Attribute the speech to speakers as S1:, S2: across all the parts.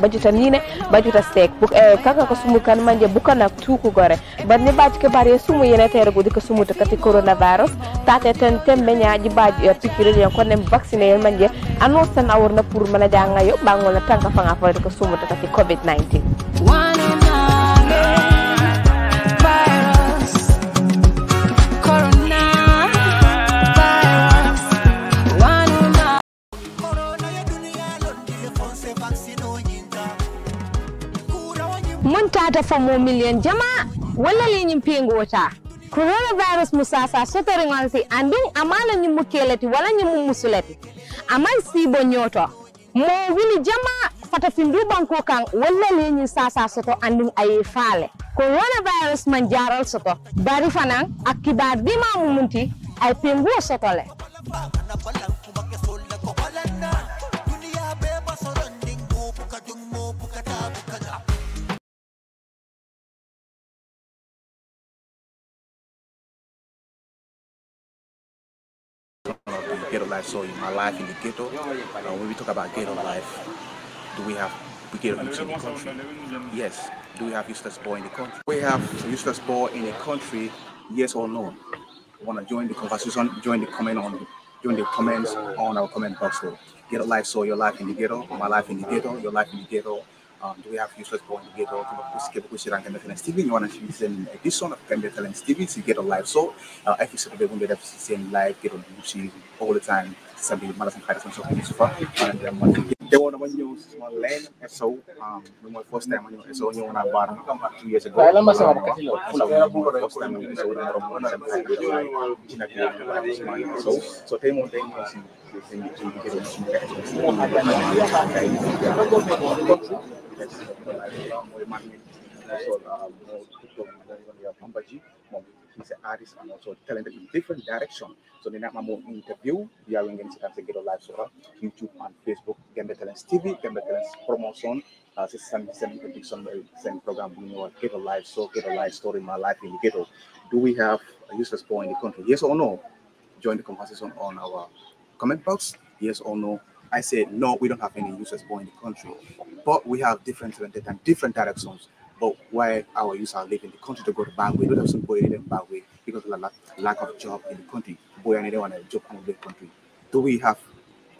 S1: bajuta nine bajuta sek e, eh, kaka ko sumu kan manje bukana tukugore banni baji ke bari sumu yene tere gudi ko sumu to kati coronavirus tate ten tembe nyaaji baji e
S2: pikiri yon konem vaccine a manje anor tan awurna a mana janga yo bangol tanka fanga fo ko sumu to kati covid 19 tata fo mo million jama wala le nyim pengota coronavirus musasa sotoringonsi andin amala nyim mukeleti wala
S1: nyim musuleti amal sibo nyoto mo wili jama fata findu banko kan wala le nyim sasa soto andin ayi fale coronavirus man jaral
S2: soto bari fanan akibar bima mumunti ay pengu soto le
S1: life. So in my life in the ghetto, uh, when we talk about ghetto life, do we have ghetto youths in the country? Yes. Do we have useless boy in the country? We have useless boy in the country, yes or no? Want to join the conversation, join the comment on join the comments on our comment box. So ghetto life, so your life in the ghetto, my life in the ghetto, your life in the ghetto, um, do we have useless born together kusikhele kushirange nestivini yona shimisen edition of pembeta and stevie to get a live uh, so uh, if you sort of even better seeing live get on youtube all the time somebody malas and fighters and so far, and um, they want to new small land so um my first time on so you want to bar come back two years ago I lama sama kasi lo full of first time on so so so they want to buy this he's an artist and also talented in different direction. So the Nama more interview, we are going to see get live so YouTube and Facebook, Gamba Talents TV, Gamba Talents promotion, uh, system, system prediction, same program, you know, get a live so get a live story, my life in the ghetto. Do we have a useless boy in the country? Yes or no? Join the conversation on our comment box, yes or no. I said, no, we don't have any users born in the country, but we have different talented and different directions. But why our youth are leaving the country to go to Bangui, we don't have somebody in Bangui because of the lack, of job in the country. Boy, and they want a job in the country. Do we have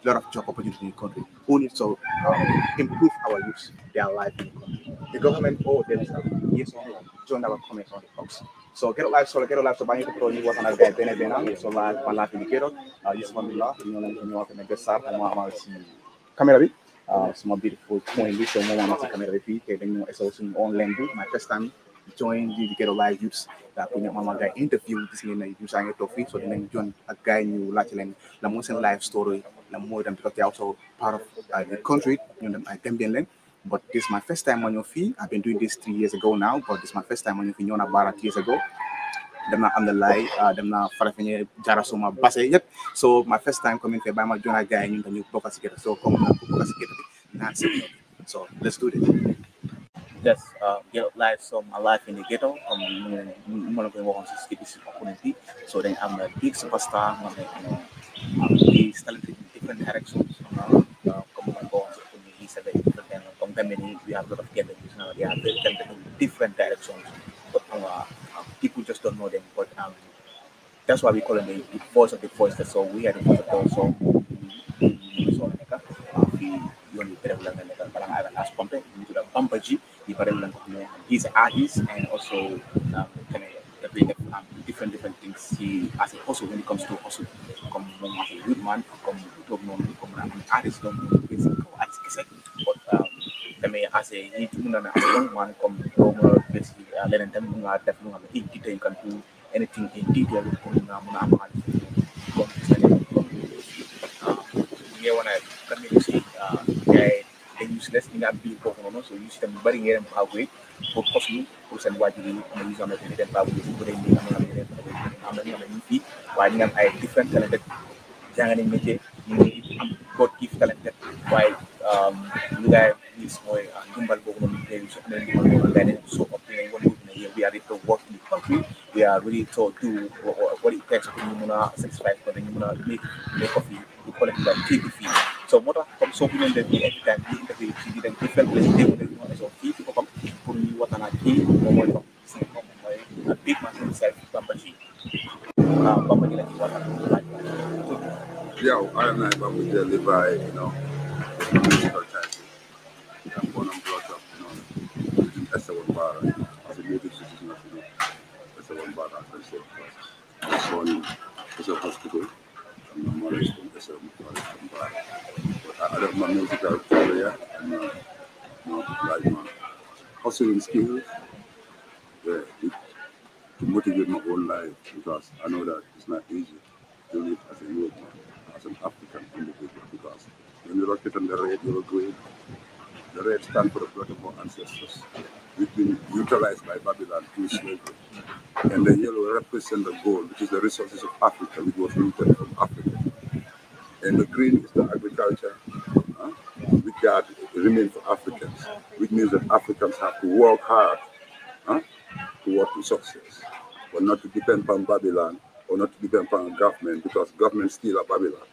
S1: a lot of job opportunities in the country? Who needs to um, improve our youth, their life in the country? The government or oh, themselves, yes or no? Join our comments on the box. So quiero live soal quiero live sebanyak itu ini buat anak gaya benar benar. So live pan live ini kerok. Yusuf Mila, ini orang ini orang yang besar, mau amal si kamera bi. Semua beautiful, semua ini semua amal si kamera bi. Kita ini esosin online bi. My first time join di kerok live youths. Tapi punya mama gaya interview di sini na youths angin tofi. So dengan join a gaya new lah cilen. Lamun sen live story. Lamun dan kita tahu so part of uh, the country. Yang dan uh, Gambian land. but this is my first time on your feet. I've been doing this three years ago now, but this is my first time on your feed. ñëw naa Baara three years ago dem naa Amdalaay dem naa Farafenni Jarasuma Basse yëpp so my first time coming here bàyyi ma joona gars yi ñun dañu bokk si gerte so come naa ko bokk si gerte bi so let's do this. Yes, uh, get up live. So my life in the ghetto. Um, I'm gonna go on to skip this opportunity. So then I'm a big superstar. I'm like, you talented in different directions. Um, uh, come on, go on to me. He's a very different kind of we have a lot of cannabis now. They are very in different directions, but uh, uh, people just don't know them. But um, that's why we call them the, voice of the voice. So we are the voice of the so an artist and also um, kind of doing um, different different things. He as a when it comes to also come as a good man, come to know, come an artist, don't tey jii ci mun a naan yoon maa ngi comme doo a leneen mun ngaa def lu nga xam ne anything in detail pour nga mun a am xaalis comme gis nañ ñu ngi wane tamit aussi useless ñi nga am biir foofu noonu so yu si tamit bari ngeen baagoy pour xos yi pour seen waajur yi am na yu ni am na ñu fi waaye ñu am ay different talented jàng nañ métier then so here, we are ready to work in the country. We are ready to do what, what it takes to you satisfy for you to make make of We call it like take the fee. So what come so we know that every time we interview TV then different place they will know as a fee to come for me what an idea or what a big
S3: man himself Bambaji. Uh, Bambaji like Yeah, I and I Bambaji live you know. percent of gold, which is the resources of Africa, which was looted from Africa. And the green is the agriculture, uh, which remains for Africans, which means that Africans have to work hard uh, toward success, but not to depend upon Babylon or not to depend upon government, because government still are Babylon.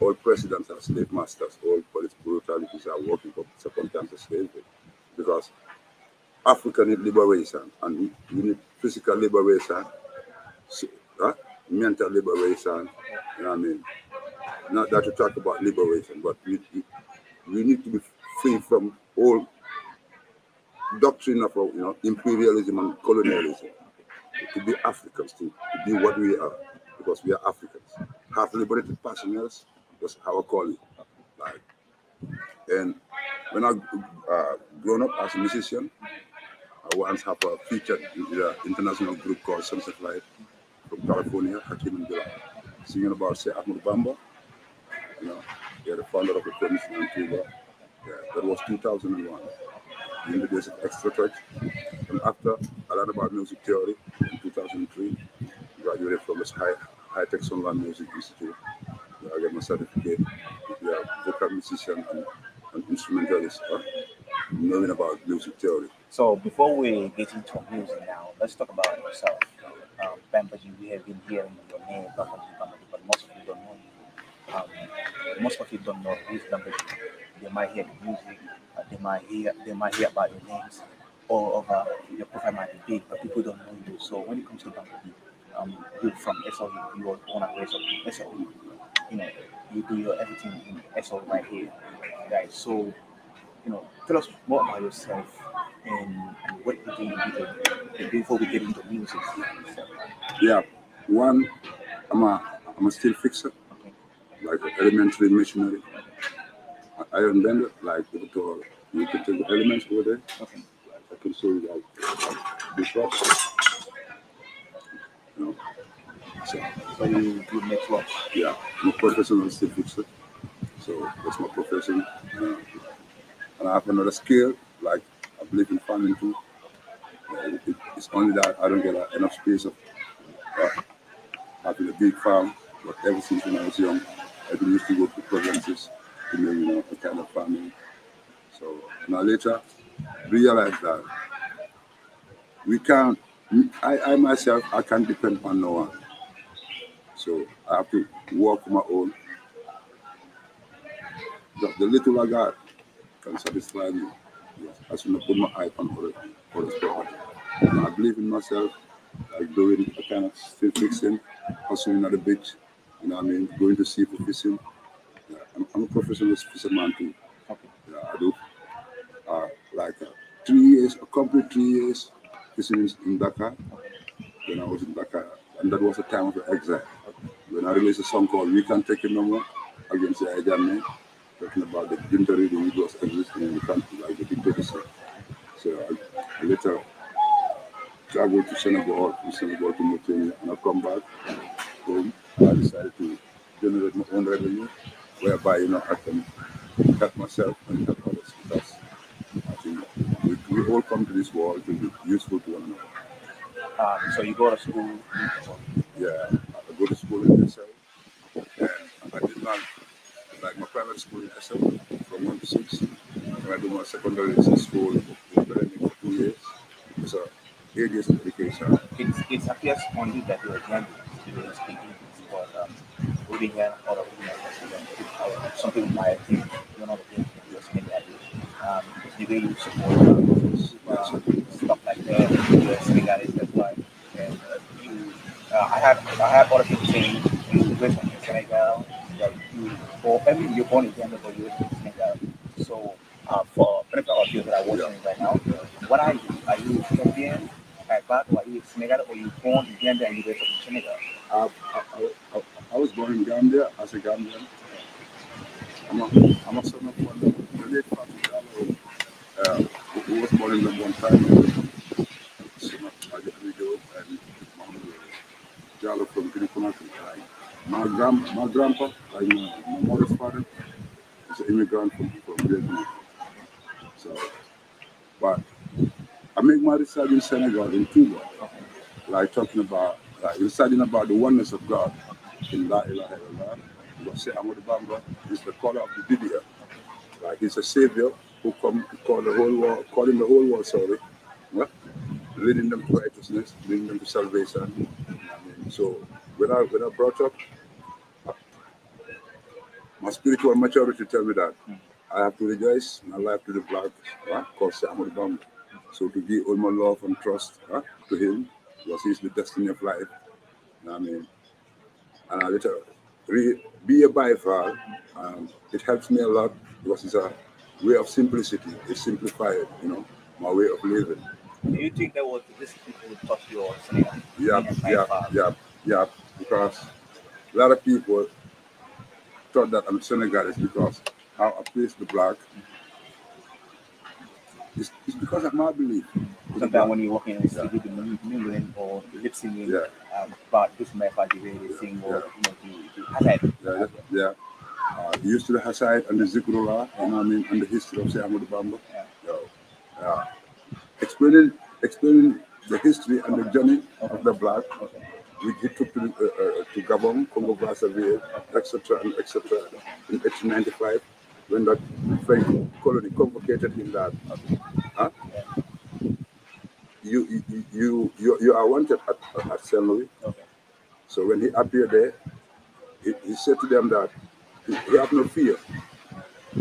S3: All presidents are slave masters, all police brutalities are working for circumstances of slavery, because African liberation and we need physical liberation mental liberation. You know what I mean? Not that we talk about liberation, but we, we, need to be free from all doctrine of you know, imperialism and colonialism. To be Africans, to, to be what we are, because we are Africans. Half liberated passengers was our calling. call Like, and when I uh, grown up as a musician, I once have a featured in the international group called Sunset Life from California, Hakim Ngila, singing about Sir Ahmed Bamba. You know, they are the founder of the commission in Cuba. Yeah, that was 2001 in the days of Extra Church. And after, I learned about music theory in 2003. Graduated from the High, High Tech Online Music Institute. Yeah, I got my certificate. Yeah, vocal musician and, instrumentalist. Huh?
S1: Knowing about music theory. So before we get into music now, let's talk about yourself um, we have been hearing your name, Bambaji, Bambaji, but most of you don't know you. Um, most of you don't know who is Bambaji. They might hear the music, uh, they might hear they might hear about your names, or over uh, your profile might be big, but people don't know you. So when it comes to Bambaji, um, you from SO, you are born and raised up SO, you know, you do your everything in SO right here, guys. Right? So you know, tell us more about yourself and, what you do before we get into music.
S3: Yeah, one, I'm a I'm a steel
S1: fixer, okay.
S3: like an elementary missionary, iron bender, like to, you take the elements over there. Okay. I can show you like, this rock. You know. So, so you, make rocks? Yeah, I'm a professional steel fixer. So that's my profession. Uh, and I have another skill, like I believe in farming too. Uh, it, it's only that I don't get uh, enough space of uh, having a big farm. But ever since when I was young, I've been used to go to provinces to make you know a kind of farming. So now later realize that we can't. I, I myself I can't depend on no one. So I have to work my own. The, the little I got, can satisfy me. I should not put my eye on for, for this problem. I believe in myself, like doing a kind of still fixing, hustling at the beach, you know what I mean, going to sea for fishing. Yeah, I'm, I'm, a professional fisherman too. Okay. Yeah, I do uh, like uh, three years, a complete three years fishing in Dakar. When I was in Dakar, and that was the time of the exile. When I released a song called We Can't Take It No More against the Ajahn talking about the legendary which was existing in the country, like the dictatorship. So I, later traveled to Senegal, to Senegal to Mauritania, and I come back home. I decided to generate my own revenue, whereby you know I can help myself and help others. Because I think we, we all come to this world to be useful to one another. Um, so you go to school? Yeah, I go to school in myself, and I did not like my private school in Kassam from one to six. And I do my secondary
S1: school in Berlin for two years. It's a eight years education. It, it appears only that you are not students speaking because um, reading and all of uh, something my think you're not a German you at um, the way you support uh, stuff like that, you solidarities, that's why. And uh, you, uh, I have I have other people saying you went from Senegal for every newborn Canada, for to in Canada, So uh, for many of you that are watching yeah. right now, what are you? Are you Colombian by birth, or are you Senegal, or you born in Canada and you raised up Senegal? Uh, I, I, I, was born in Gambia as a Gambian.
S3: I'm a, I'm a son of one the late Patrick Gallo, uh, who was born in the one time. Son of Magic Rigo and Mohamed from guinea my grand, my grandpa, like my, my mother's father, is an immigrant from, from Vietnam. So, but I make my research in Senegal, in Cuba, like talking about, like studying about the oneness of God in La Ilaha Illallah. Because Ahmad Bamba is the caller of the video. Like he's a savior who come call the whole world, calling the whole world, sorry, well, leading them to righteousness, leading them to salvation. So when I when I brought up my spiritual maturity tell me that mm. I have to rejoice my life to the black, because I'm a bomb. So to give all my love and trust to him, because he's the destiny of life. I mean, and I let re- be a bivalve, um, it helps me a lot because it's a way of simplicity. It simplified, you know, my way of living.
S1: Do you think that was this people taught you or something? Yeah, yeah,
S3: yeah, yeah. Because a lot of people thought that I'm Senegalese because how I place the black.
S1: It's, it's because of my belief. Sometimes when you're walking the yeah. you the mingling or lip singing yeah. um, about this method, the way they sing or you know, the, the Hassad. Yeah, yeah.
S3: Uh, used to the Hassad and the Zikrullah, yeah. you know what I mean, and the history of Say Bamba. Yeah. So, uh, explaining, explaining the history and okay. the journey okay. of the black. Okay we, we to, uh, uh, to Gabon, Congo Brazzaville, etc., and etc. in 1895 when that French colony convocated him that. Huh? You, you, you, you, you are wanted at, at Saint Louis. Okay. So when he appeared there, he, he said to them that he, he have no fear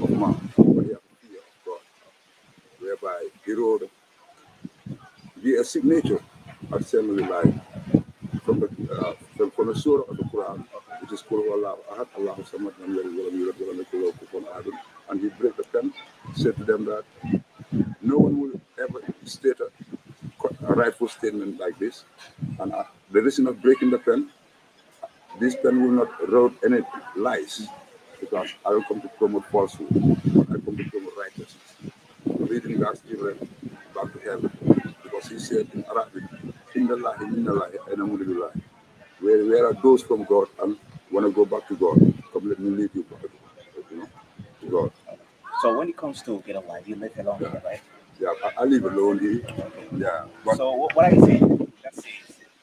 S3: of man, but he have fear of God. Whereby he wrote a signature at Saint Louis from the uh, from, from the surah of the Quran, which is Qul Allah Ahad, Allahu Samad, Lam Yalid Walam And he break the pen, said to them that no one will ever state a, a rightful statement like this, and uh, the reason of breaking the pen, this pen will not wrote any lies, because I don't come to promote falsehood, I come to promote righteousness. Leading God's children back to heaven, because He said in Arabic. Where, where are those from God and want to go back to God? Come, let me lead you back you know, to God.
S1: So when it comes to get alive, you live alone, yeah. Here,
S3: right? Yeah, I, I live alone here. Okay. Yeah. But, so what, what
S1: you saying? that says,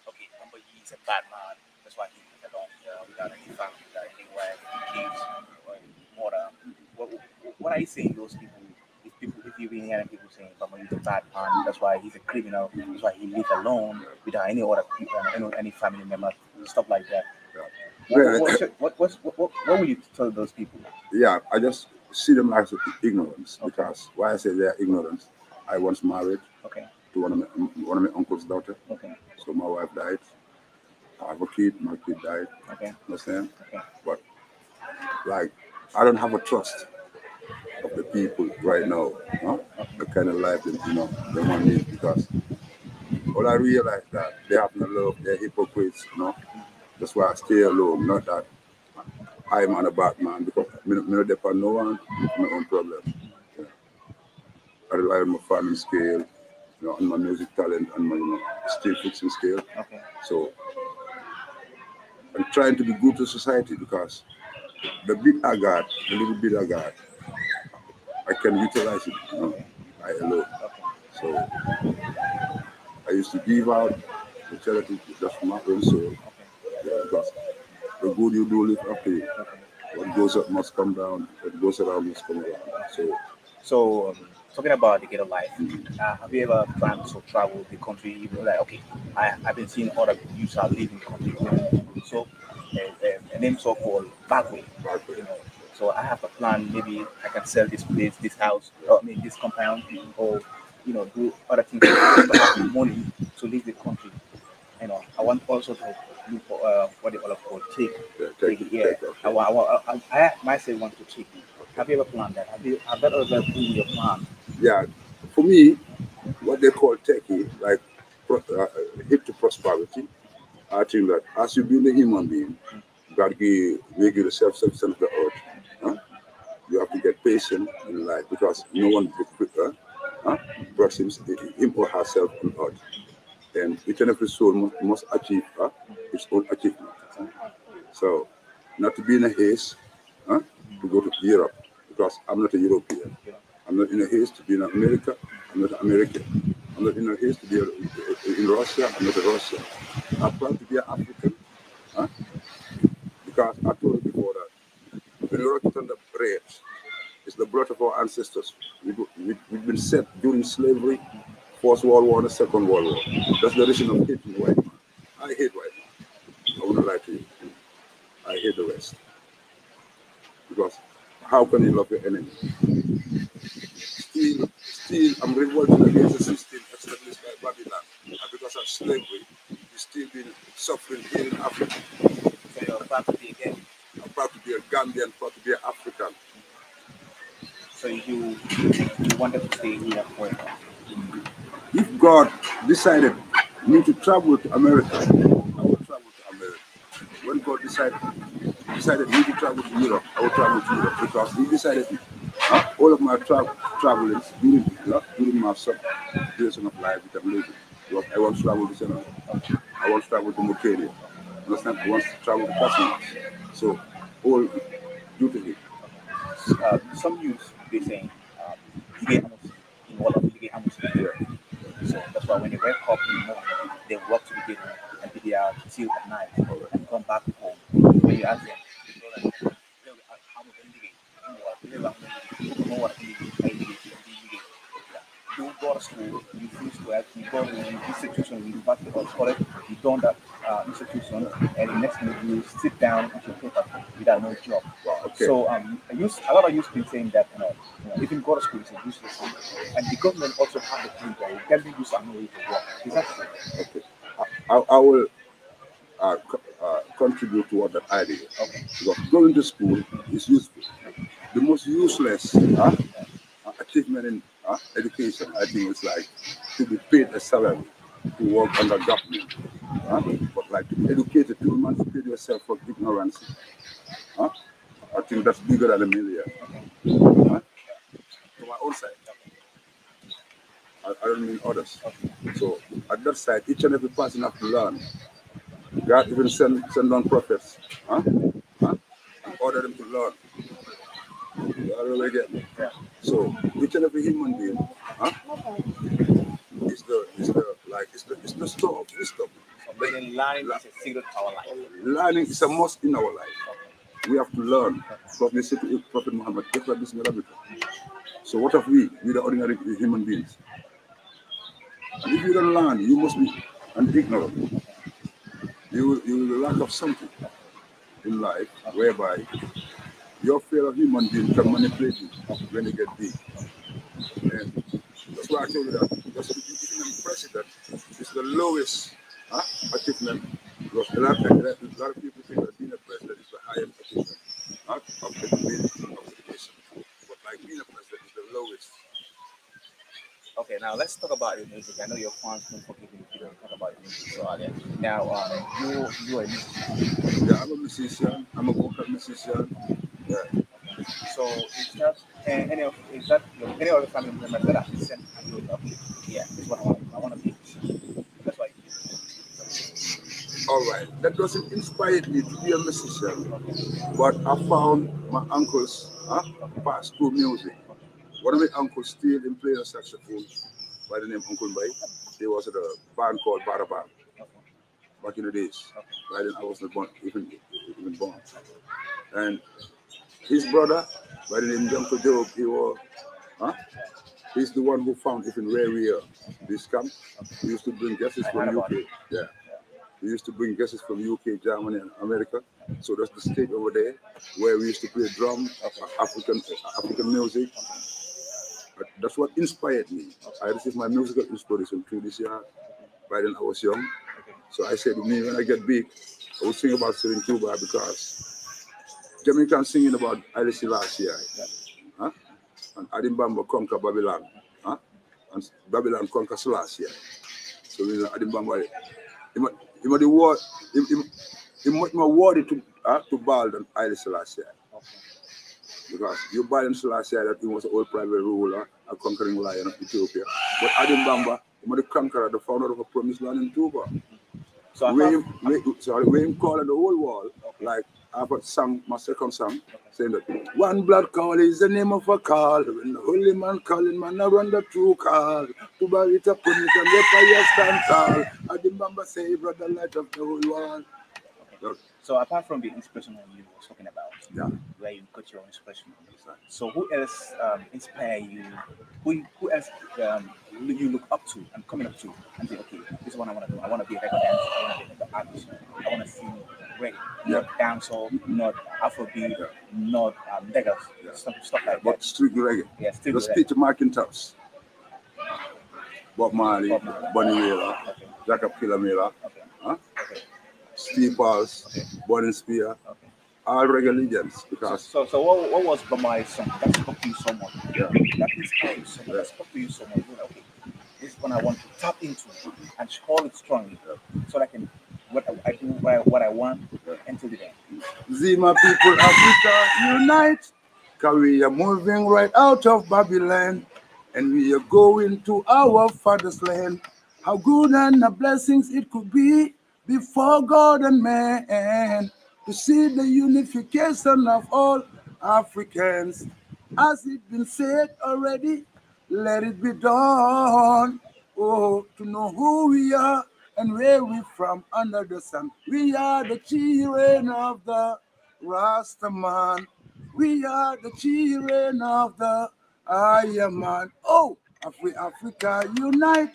S1: okay, number he is a bad man. That's why he lives alone here without any family, without any wife, kids, or water. Um, what, what are you saying those people You've been and people saying from is a bad man. That's why he's a criminal. That's why he lives alone without any other people, any, any family members, stuff like that. Yeah. What, what, what, what, what, what, what would you
S3: tell those people? Yeah, I just see them as ignorance okay. because why I say they are ignorance. I once married okay. to one of my one of my uncle's daughter. Okay. So my wife died. I have a kid. My kid died. Okay. Understand? Okay. But like, I don't have a trust of the people right now. Huh? The kind of life that you know they want live because all I realize that they have no love, they're hypocrites, you know. That's why I stay alone, not that I'm on a bad man because I don't depend on no one, it's my own problem. Yeah. I rely on my farming skill, you know, and my music talent and my you know, steel fixing skill. Okay. So I'm trying to be good to society because the bit I got, the little bit I got, I can utilize it you know, by alone. So I used to give out the charity just my own soul. Yeah, because the good you do live up to What
S1: goes up must come down. What goes around must come around. So, so um, talking about the ghetto life, mm-hmm. uh, have you ever planned to travel the country? You know, like okay, I have been seeing other youths are leaving the country. So, uh, uh, so called Bagway. You know, so I have a plan. Maybe I can sell this place, this house, or I mean this compound, or you know do other things to have money to leave the country. You know, I want also to look for uh, what they all take. Yeah, take, take, Take, I, I, I, I myself want to take. Have you ever planned that? Have you have that ever been your plan? Yeah,
S3: for me, what they call Turkey, like uh, hip to prosperity, I think that as you build a human being, mm. God will make you the self-substance of the earth you have to get patient in life because no one uh, uh, brought seems him or herself on earth. And each and every soul must, must achieve uh, its own achievement. Uh. So, not to be in a haste uh, to go to Europe because I'm not a European. I'm not in a haste to be in America. I'm not American. I'm not in a haste to be a, uh, in Russia. I'm not a Russian. I plan to be an African uh, because I told you been on under prayer. It's the blood of our ancestors. We, we, we've been set during slavery, First World War and the Second World War. That's the reason I'm hating white man. I hate white man. I wouldn't lie to you. I hate the West. Because how can you love your enemy? Still, still, I'm revolting against the system established by Babylon. And because of slavery,
S1: we still been suffering here in Africa. So you're back again. I'm proud to be a Gambian, proud to be an African. So you, you wanted to stay here forever?
S3: If God decided me to travel to America, I will travel to America. When God decided, decided me to travel to Europe, I will travel to Europe because He decided uh, all of my tra traveling during, during my duration of life I want to travel to Senegal. I want to travel to Mauritania understand, he wants to travel the Barcelona. So, all
S1: due to him. Uh, some youth, they say, uh, Lige Hamos, in of Lige Hamos is there. So that's why when they wake up in the morning, they work to the gate and they are till at night and come back home. When you ask them, they go like, who got to refuse to you go to the institution, university or college, you don't that uh, institution, and the next minute you sit down with your paper without no job. Okay. So um, I use, a lot of youth been saying that, you know, you know even go to school is a useless thing. And the government also have the thing that you can be used way to work. Is that Okay. I, I, will
S3: uh, co uh, contribute to what that idea. Okay. Because going to school is useful. The most useless huh, achievement in uh, education, I think it's like to be paid a salary to work under government. Uh, but like to be educated, to emancipate yourself from ignorance. Uh, I think that's bigger than a million. Uh, my own side. I, I don't mean others. So at that side, each and every person has to learn. God even send, send on prophets. Huh? Order them to learn. Yeah. So each and every human being, huh? It's the is the like it's the it's the store of wisdom. So learning
S1: La- is a secret to our life.
S3: Learning is a must in our life. Okay. We have to learn from the city of Prophet Muhammad, just like this miracle. So what have we? We the ordinary human beings. And if you don't learn, you must be an ignorant. You you lack of something in life whereby your fellow human being can manipulate you when you get big. And that's why I told you that. That's what you can impress that it's the lowest achievement because a lot, a lot of people think that being a president is the highest
S1: achievement uh, of the community of But like being a president is the lowest. Okay, now let's talk about your music. I know your fans don't forgive you if you don't talk about your music. So, now, uh, you, you are a musician. Yeah, I'm a musician.
S3: I Yeah, what I want. I want to be. That's why. All right, that doesn't inspire me to be a musician, but I found my uncle's huh, past school music. One of my uncles still in playing saxophone by the name Uncle Mbai. He was at a band called Barabang back in the days. Right then I was not born, even, even born. And his brother, by the name Uncle Job, he was Huh? He's the one who found even rare here. This camp, he used to bring guests from UK. Yeah. We used to bring guests from UK, Germany, and America. So that's the state over there where we used to play drum, African African music. But that's what inspired me. I received my musical inspiration through this year. By then I was young. So I said, to me, when I get big, I will sing about Serentuba because Jamaican singing about Alice last year and Adimbamba conquer Babylon. Huh? And Babylon conquer Selassie. So you know Adimbamba. He was the war, he much more worthy to, uh, to Baal than Haile Selassie. Okay. Because you Baal and Selassie, that he was an old private ruler, a conquering lion of Ethiopia. But Adimbamba, he was the conqueror, the founder of a promised land in Tuba. So where, him, where, sorry, where him call the whole world, okay. like I've got some, my second Psalm, saying that one blood call is the name of a call. When the holy man calling, man, I run the true
S1: call. To buy it upon it and the fire stand tall. I remember say, brother, light of the whole world. Okay. So apart from the inspirational you were talking about, yeah. where you got your inspiration from, so who else um, inspire you? Who who else um, you look up to and coming up to and say, okay, this is what I want to do. I want to be a record dancer. I want to be an artist. I want to see reggae, yeah. not dancehall, not Afrobeat, yeah. not um, reggae, yeah. stuff, stuff like that.
S3: But street reggae. Yeah, street reggae. us speak to McIntosh, Bob Marley, Bunny Marley. Miller, okay. Jacob Killer Miller, okay. Huh? Okay. Steve Balls, okay. Bonnie Spear, okay. all reggae legends. Because so, so,
S1: so what, what was Bob Marley's song? That spoke to you so much. Yeah. That inspired you so much. That spoke to you so much. Okay, this one I want to tap into and hold it strongly so that I can what I, do, what I, what I want, until the end. Zima people, Africa,
S3: unite! Because we are moving right out of Babylon and we are going to our father's land. How good and the blessings it could be before God and man to see the unification of all Africans. As it been said already, let it be done. Oh, to know who we are and where we from under the sun. We are the children of the Rastaman. We are the children of the man. Oh, Afri
S1: Africa, unite.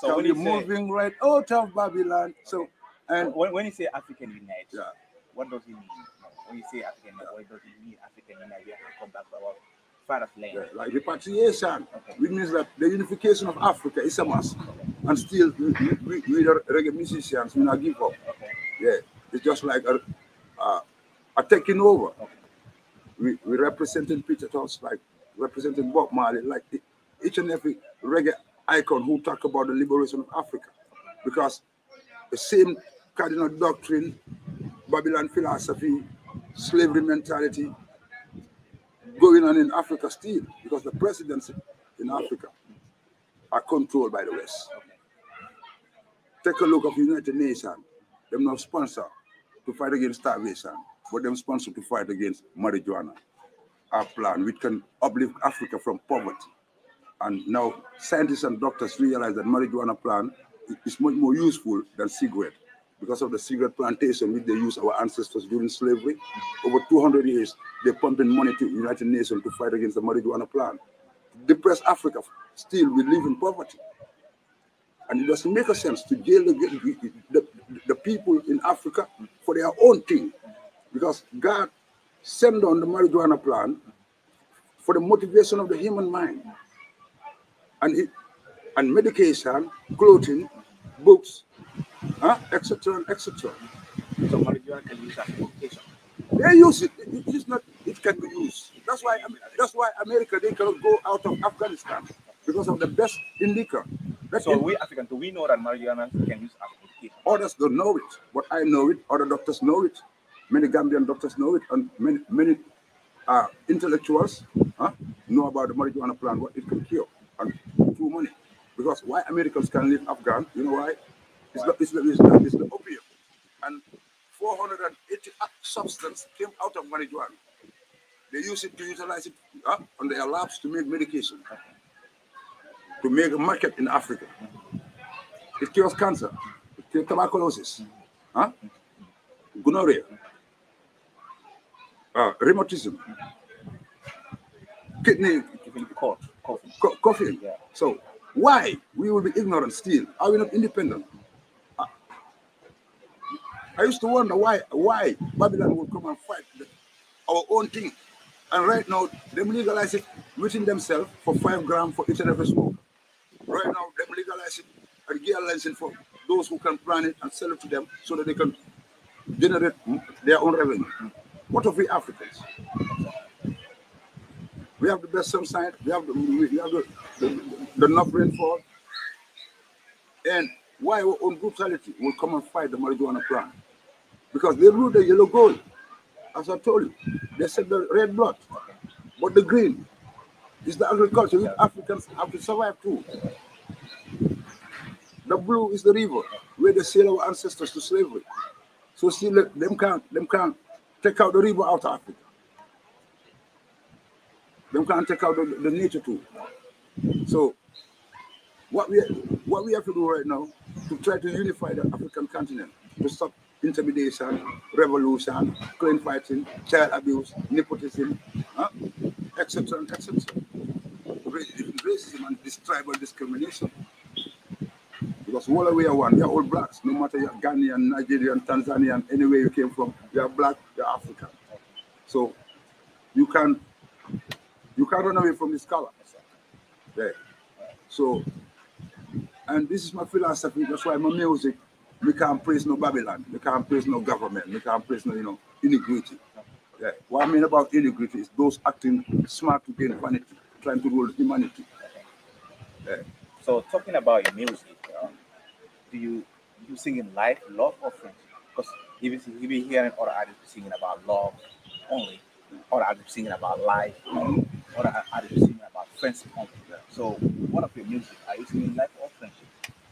S3: So, we're moving
S1: right out of Babylon. So, and when, when you say African unite, yeah. what does it mean? When you say African, unite, what does it mean? African unite, we have to come back to our father's land. Yeah, like repatriation, okay.
S3: which means that the unification of Africa is a must. Okay and still we, we the reggae musicians we not give up. Yeah, it's just like a, a, a taking over. We we representing Peter Tosh like representing Bob Marley like each and every reggae icon who talk about the liberation of Africa, because the same cardinal doctrine, Babylon philosophy, slavery mentality going on in Africa still, because the presidency in Africa are controlled by the West. Take a look of United Nations. are not sponsor to fight against starvation, but they're sponsor to fight against marijuana. Our plan, which can uplift Africa from poverty. And now scientists and doctors realize that marijuana plant is much more useful than cigarette because of the cigarette plantation which they used our ancestors during slavery. Over 200 years, they pumped in money to United Nations to fight against the marijuana plant. Depressed Africa, still we live in poverty. And it doesn't make sense to jail the, the, the people in Africa for their own thing. Because God sent on the marijuana plan for the motivation of the human mind. And, it, and medication, clothing, books, huh, etc., etc. So marijuana can use as medication. They use it. It is not. It can be used. That's why. That's why America they cannot go out of Afghanistan because of the best in liquor. But so in, we African, do we know that marijuana can use as Others don't know it, but I know it. Other doctors know it. Many Gambian doctors know it, and many many uh, intellectuals huh, know about the marijuana plant, what it can cure, and true money. Because why Americans can live Afghan, you know why? It's, why? The, it's, the, it's, the, it's the opium. And 480 substance came out of marijuana. They use it to utilize it huh, on their labs to make medication to make a market in Africa. It cures cancer, it cures tuberculosis, huh? gonorrhea, uh, rheumatism, kidney, cough, coughing. Co coughing. Yeah. So why we will be ignorant still? Are we not independent? Uh, I used to wonder why why Babylon would come and fight the, our own thing. And right now, they legalize it within themselves for five grams for each and every smoke. Right now, them legalize it and give a license for those who can plant it and sell it to them so that they can generate their own revenue. What of we Africans? We have the best sunshine, we have the, we have the, the enough rainfall. And why our own brutality will come and fight the marijuana plant? Because they rule the yellow gold. As I told you, they said the red blood, but the green, it's the agriculture which Africans have to survive through. The blue is the river where they sell our ancestors to slavery. So see, them can't, them can't take out the river out of Africa. Them can't take out the, the nature too. So what we what we have to do right now to try to unify the African continent to stop intimidation, revolution, clan fighting, child abuse, nepotism, huh? etc., and etc. Racism and this tribal discrimination. Because all the are one, you're all blacks, no matter you're Ghanaian, Nigerian, Tanzanian, anywhere you came from, you're black, you're African. So you can you can't run away from this color. Yeah. So and this is my philosophy. That's why my music, we can't praise no Babylon, we can't praise no government, we can't praise no, you know, inequality. Yeah. What I mean about integrity is those acting smart to gain vanity, trying to rule humanity.
S1: Yeah. So talking about your music, um, do you you sing in life, love, or friendship? Because you you be hearing other artists singing about love only, other artists singing about life, or other artists singing about friendship only. Yeah. So what of your music? Are you singing life or friendship?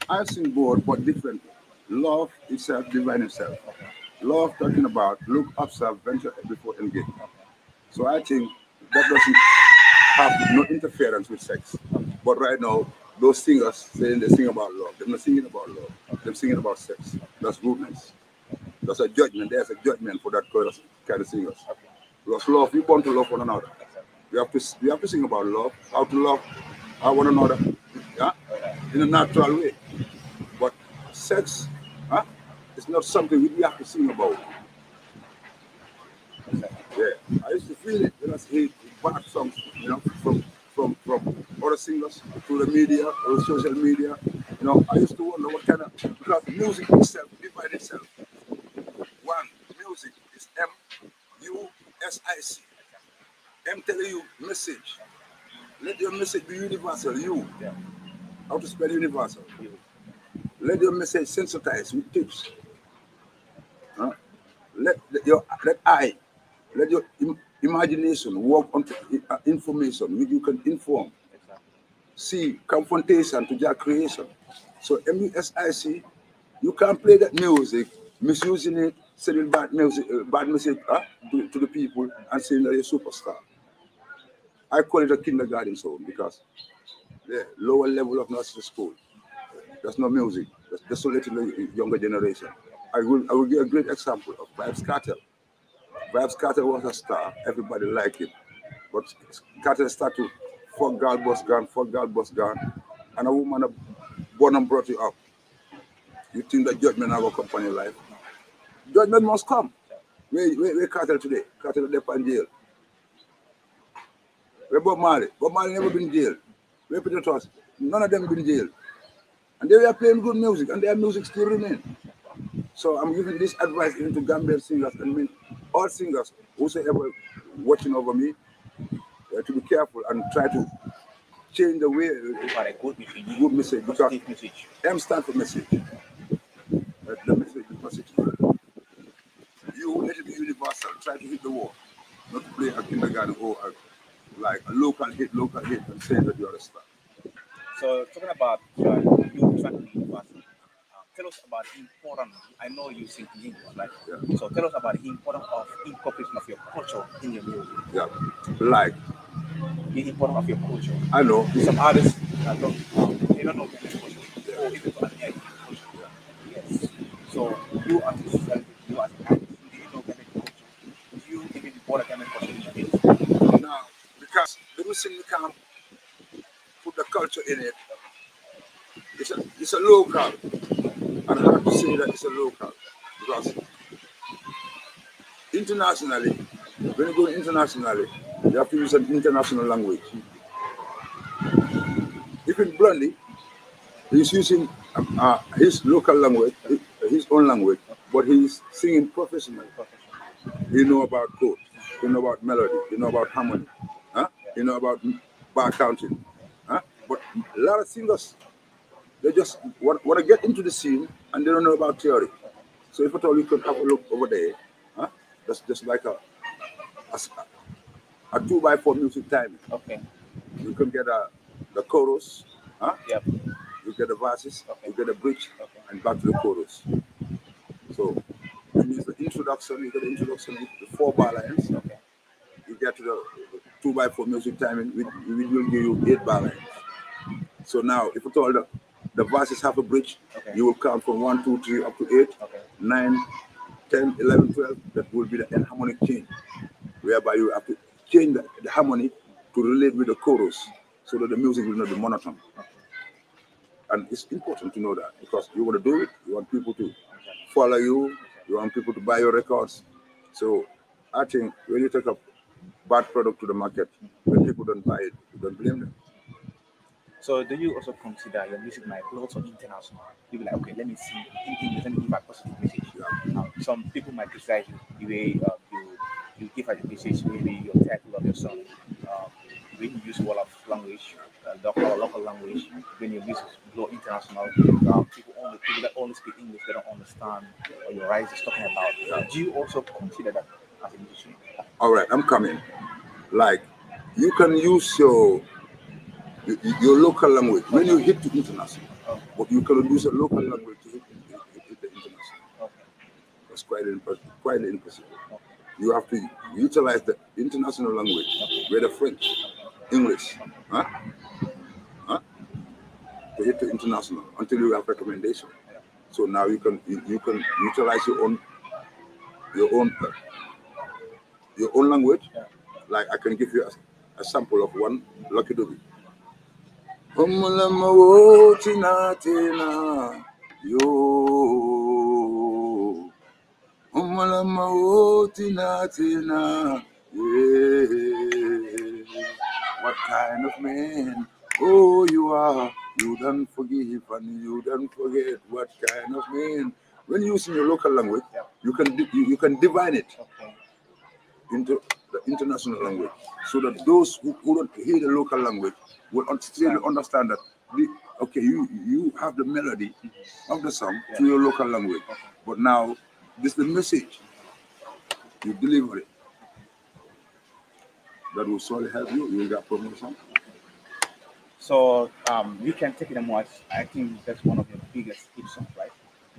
S3: I sing both, but different.
S1: Love itself, divine
S3: itself. Okay. Love talking about look up, venture before engage. So I think that doesn't have no interference with sex. But right now, those singers saying they sing about love. They're not singing about love. They're singing about sex. That's rudeness. That's a judgment. There's a judgment for that kind of singers. Because love, we want to love one another. We have to we have to sing about love, how to love one another, yeah, in a natural way. But sex it's not something we have to sing about. Yeah, I used to feel it when I hear bad songs, you know, from from from other singers through the media or social media. You know, I used to wonder what kind of because music itself divide itself. One music is M U S I C. M telling you message. Let your message be universal. You how to spell universal. Let your message sensitize with tips. Let, let your let I, let your Im imagination work on uh, information which you can inform. See confrontation to their creation. So MUSIC, you can not play that music, misusing it, sending bad music, uh, bad message uh, to, to the people, and saying that you're a superstar. I call it a kindergarten song because the lower level of nursery school. That's not music. That's desolating the younger generation. I will, I will give a great example of Vibes Cartel. Vibes Cartel was a star. Everybody liked it. But Cartel started to fuck God, boss gone, fuck God, boss gone. And a woman born and brought you up. You think that judgment will accompany life? Judgment must come. Where, where, where Cartel today? Cartel left in jail. We Bob Marley? Bob Marley never been jailed. Where Peter trust. None of them been jailed. And they were playing good music, and their music still remains. So I'm giving this advice even to Gambian singers and mean all singers, whosoever watching over me, uh, to be careful and try to change the way uh, good message, good message because message. M stands for message. Uh, the message You let it be universal, try to hit the wall, not to play a kindergarten
S1: or a, like a local hit, local hit, and say that you're a star. So talking about your new track tell us about the importance. I know you sing in English, right? Yeah. So tell us about the importance of incorporation of your culture in your music. Yeah, like the importance of your culture. I know some artists that don't they don't know culture yeah. even culture. Yeah. Yes. So you are a you are an artist, you know Ghanaian culture. Do you even bother Ghanaian culture in your music?
S3: No, because the music you can put the culture in it. It's a, it's a local and have to say that it's a local. Because internationally, when you go internationally, you have to use an international language. Even Blondie, he's using uh, uh his local language, his own language, but he's singing professionally. You know about code, you know about melody, you know about harmony, huh? you know about counting. Huh? But a lot of singers they just want, want to get into the scene and they don't know about theory. So if at all you could have a look over there, huh? that's just like a, a, a two by four music timing. Okay. You can get a, uh, the chorus, huh? Yep. You get the verses, okay. you get the bridge, okay. and back to the chorus. So it means the introduction, you get the introduction with the four bar lines. Okay. You get to the two by four music timing, we will give you eight bar lines. So now, if at all the the is have a bridge. Okay. You will count from one, two, three, up to eight, okay. nine, 10, 11, 12. That will be the enharmonic change, whereby you have to change the, the, harmony to relate with the chorus so that the music will not be monotone. Okay. And it's important to know that because you want to do it, you want people to follow you, you want people to buy your records. So I think when you take a bad product
S1: to the market, when people don't buy it, you don't blame them. So do you also consider your music might be also international? You be like, okay, let me see. in English, let me give a positive message. Um, some people might criticize you the way um, you you give a message, maybe your title of your song. Um, when you use wall of language, uh, local, local language, when you use blow international, um, people only people that only speak English, they don't understand what your eyes is talking about. Do you also consider that as a musician? All right, I'm coming.
S3: Like you can use your your local language. When you hit the international, but you can use a local language to hit, hit, hit the international. That's quite impossible. Quite impossible. You have to utilize the international language, whether French, English, huh? Huh? to hit the international until you have recommendation. So now you can you, you can utilize your own your own uh, your own language. Like I can give you a, a sample of one lucky doobie. Kumulama wo tina tina yo. Kumulama wo tina tina yeah. What kind of man? Oh, you are. You don't forgive and you don't forget. What kind of man? When you use in your local language, you can you, you can divine it okay. into the international language so that those who, who don't hear the local language will clearly understand that the, okay you you have the melody of the song yeah. to your local language okay. but now this is the message you deliver it
S1: that will surely help you you will get promotion so um, you can take it more. i think that's one of your biggest hits, right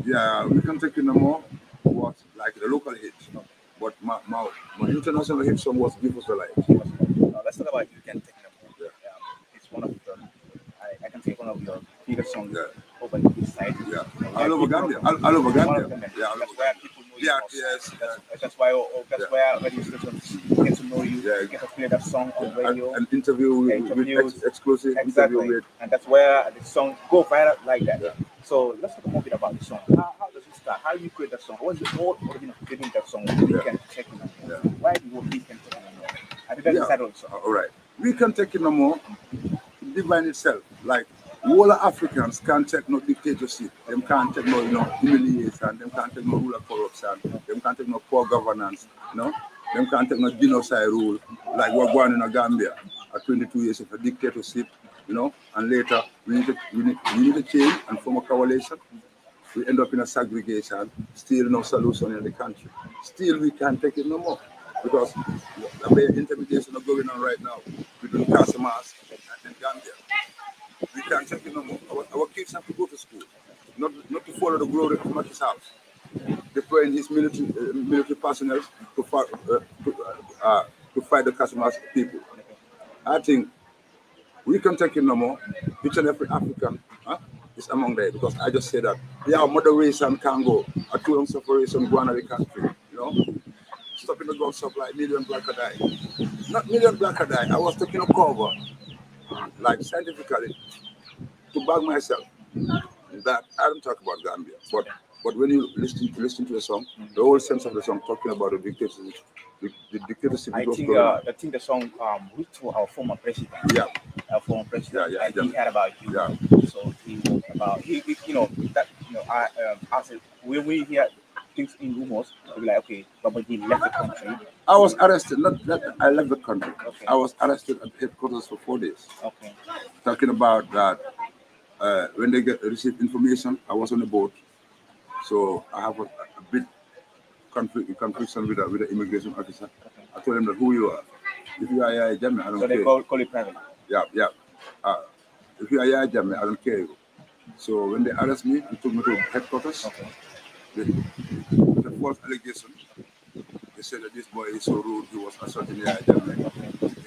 S1: yeah we can take it more
S3: what like the local hits okay. But my, my, my international hit song was Give Us the Light. Uh,
S1: let's talk about You Can
S3: Take It Up. Yeah. Um, it's one of the, I, I can say one of your biggest songs yeah. over the east side. Yeah. You know, all over Gambia.
S1: All, all over Gambia. Yeah, all that's where people know you. Yeah, most. yes. That's, yeah. that's why, oh, that's yeah. where radio stations get to know you. Yeah. You get to play that song on yeah. radio. An, an interview, an interview with ex- exclusive exactly. interview with. And that's where the song go viral like that. Yeah. So let's talk a little bit about the song. How, how does it start? How do you create that song? What's the whole origin of creating that song? We can check it. Yeah. Why do you want can take it no more? I think that's
S3: yeah. also. All right. We can take it no more. Divine itself. Like all Africans can't take no dictatorship. Them can't take no, you know, humiliation. Them can't take no ruler corruption. Them can't take no poor governance. You know, them can't take no genocide rule like what going in in Gambia. At uh, 22 years of a dictatorship, you know, and later we need to, we need, we need to change and form a coalition. We end up in a segregation, still no solution in the country. Still, we can't take it no more because the way intimidation is going on right now between Casamas and in Gambia, we can't take it no more. Our, our, kids have to go to school, not, not to follow the glory of Maki's house deploying his military uh, military personnel to fight uh, to, uh, uh to, fight the customers people. I think we can take it no more. Each and every African huh, is among there because I just say that. Yeah, mother race and Congo, a two long separation, Guanari country, you know. Stopping the gold supply, million black die. Not million black die, I was taking a cover, like scientifically, to bug myself. That I don't talk about Gambia, but but when you listen to listen to the song, the whole sense of the song talking about the victims. The, the dictatorship I think uh,
S1: I think the song um to our former president. Yeah. Our former president. Yeah, yeah, He had about you. Yeah. So he was about he, he, you know that you know I um I said when we hear things in rumors, we be like okay, but he left the country. I was arrested. Not, that I left the country.
S3: Okay. I was arrested at headquarters for four days. Okay. Talking about that. Uh, when they get received information, I was on the boat, so I have a, a bit conflict, confliction with the, with the immigration officer. I told him that who you are. If you are a Jammeh, I don't so care. So they call, call it private? Yeah, yeah. Uh, if you are a Jammeh, I don't care you. So when they arrest me, they took me to headquarters. Okay. They, the false allegation, they said that this boy is so rude, he was assaulting Yaya Jammeh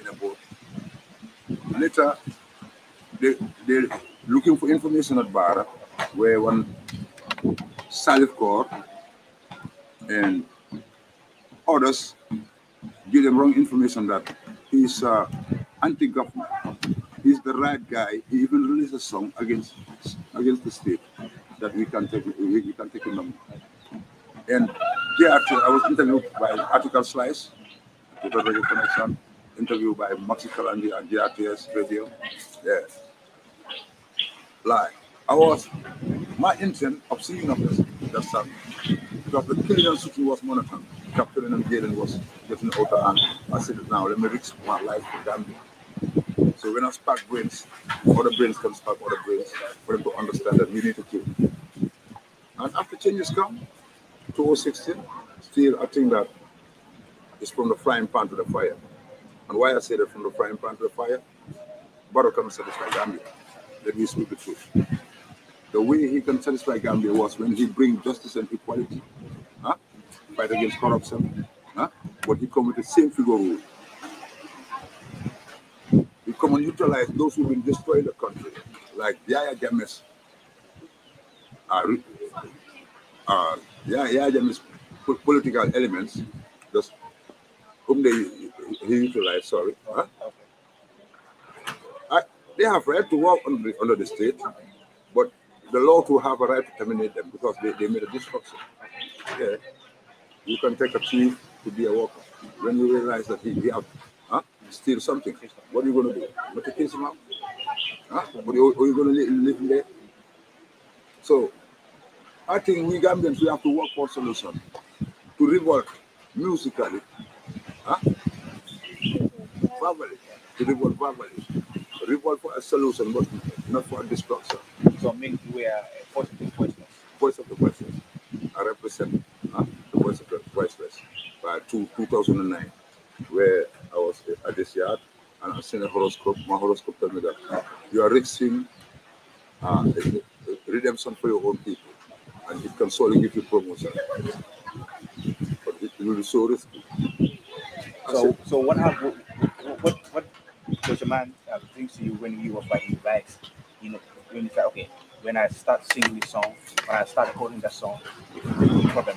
S3: in a boat. Later, they, they're looking for information at Barra, where one Salif Kaur and others give them wrong information that he's uh, anti-government. He's the right guy. He even released a song against against the state that we can take we, we can take him down. And thereafter, I was interviewed by Article Slice, the Radio Connection, interviewed by Maxi Kalandi and GRTS Radio. Yeah. Like, I was, my intent of seeing of this because the killing and suki was Captain and jailing was getting out and I said it now, let me risk my life for Gambia. So when I spark brains, other brains can spark other brains for them to understand that we need to kill. And after changes come, 2016, still I think that it's from the frying pan to the fire. And why I say that from the frying pan to the fire, Barrow cannot satisfy Gambia. Let me speak the truth. The way he can satisfy Gambia was when he bring justice and equality, huh? fight against corruption, huh? but he come with the same figure rule. He come and utilize those who been destroying the country, like Yaya James. Uh, uh, Yaya James political elements, those whom they he utilized, sorry. Huh? Uh, they have right to work under the, under the state the law to have a right to terminate them because they, they made a disruption. Yeah. You can take a thief to be a worker. When you realize that he, he has, huh, steal something, what are you going to do? But him out? Huh? Are you, are you going to live, live there? So I think we Gambians, we have to work for solution to rework musically, huh? verbally, to rework verbally, rework for a solution, but not for a destruction. So submit were voice of the voiceless. Voice of the voiceless. I represent uh, the voice of the voiceless by two, 2009, where I was at this yard and I seen a horoscope. My horoscope told me that you are risking uh, redemption for your own people and it can solely give you promotion. But it will be so risky.
S1: so, so what, have, what, what, what Coach Man uh, brings to you when you were by his advice, you know, when it's like, okay, when I start singing this song, when I start recording that song, problem.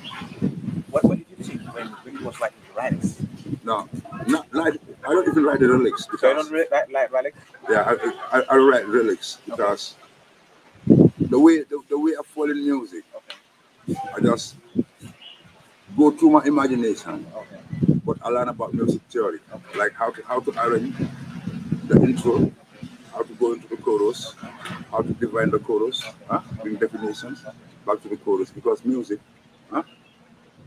S1: What, what did you think when, when it was like lyrics? No, not like I don't even write
S3: the lyrics. Because, so you don't write like, relics. Yeah, I, I, I write lyrics because okay. the way the, the way I fall in music, okay. I just go through my imagination. Okay. But I learn about music theory, like how to how to arrange the intro, how to go into the chorus, how to define the chorus, huh? bring definitions back to the chorus because music huh,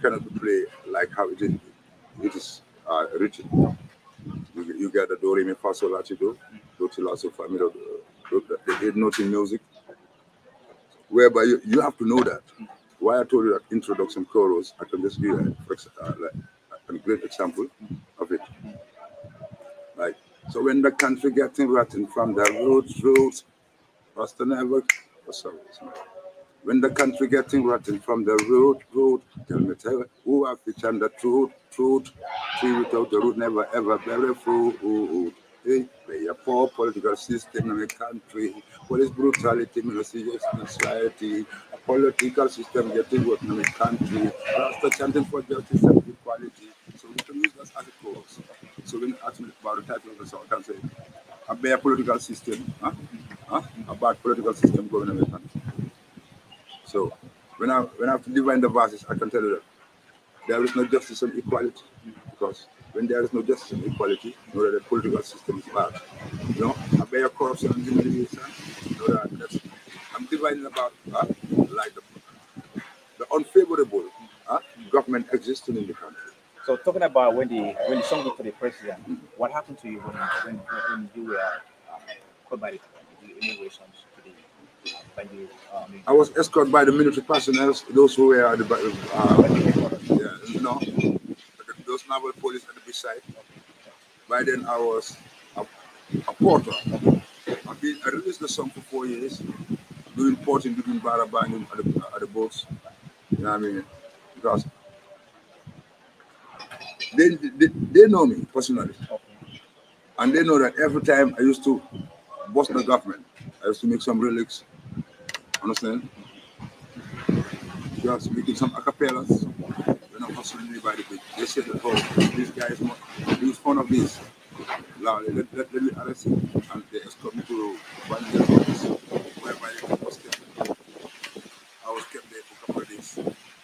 S3: cannot be played like how it is, it is uh, written. You, you get the do, re, mi, fa, sol, la, ti, do, do, ti, la, so, fa, mi, do, do, the eight note in music, whereby you, you have to know that. Why I told you that introduction chorus, I can just give you a, a, a, uh, a great example of it. Like so when the country getting rotten from the roads, roads, Pastor never, oh, sorry, sorry. When the country getting rotten from the root root, tell me, tell me, who have become the truth, truth, tree without the root never ever bear fruit. Ooh, ooh. Hey, a poor political system in a country, police brutality, militant society, a political system getting rotten in a country, Pastor chanting for justice and equality. So we can use that as a cause. So when ask me about the title of the song, I can say a bad political system, huh? Huh? a bad political system going in the country. So when I when I have to divide the verses, I can tell you that there is no justice and equality because when there is no justice and equality, you know that the political system is bad. You know, a better corruption and humiliation, you know that that's, I'm dividing about uh, like the, the unfavorable uh,
S1: government existing in the country. So talking about when the when the song went to the president, what happened to you when when, when you were um, caught by the did
S3: uh, you um, I was escorted by the military personnel, those who were at the back. Uh, yeah, yeah, no, those naval police at the beach side. By then I was a, a porter. I've been, I released the song for four years, doing porting, doing barabanging at the, at the boats. You know what I mean? Because they, they, they know me personally. Okay. And they know that every time I used to bust the government, I used to make some relics. Understand? Just making some acapellas. We're not hustling anybody, but they said, the oh, this guy is more, he's of these. Now, let, me arrest him and they escort me to one year office whereby I was kept. I was kept there for a couple of days.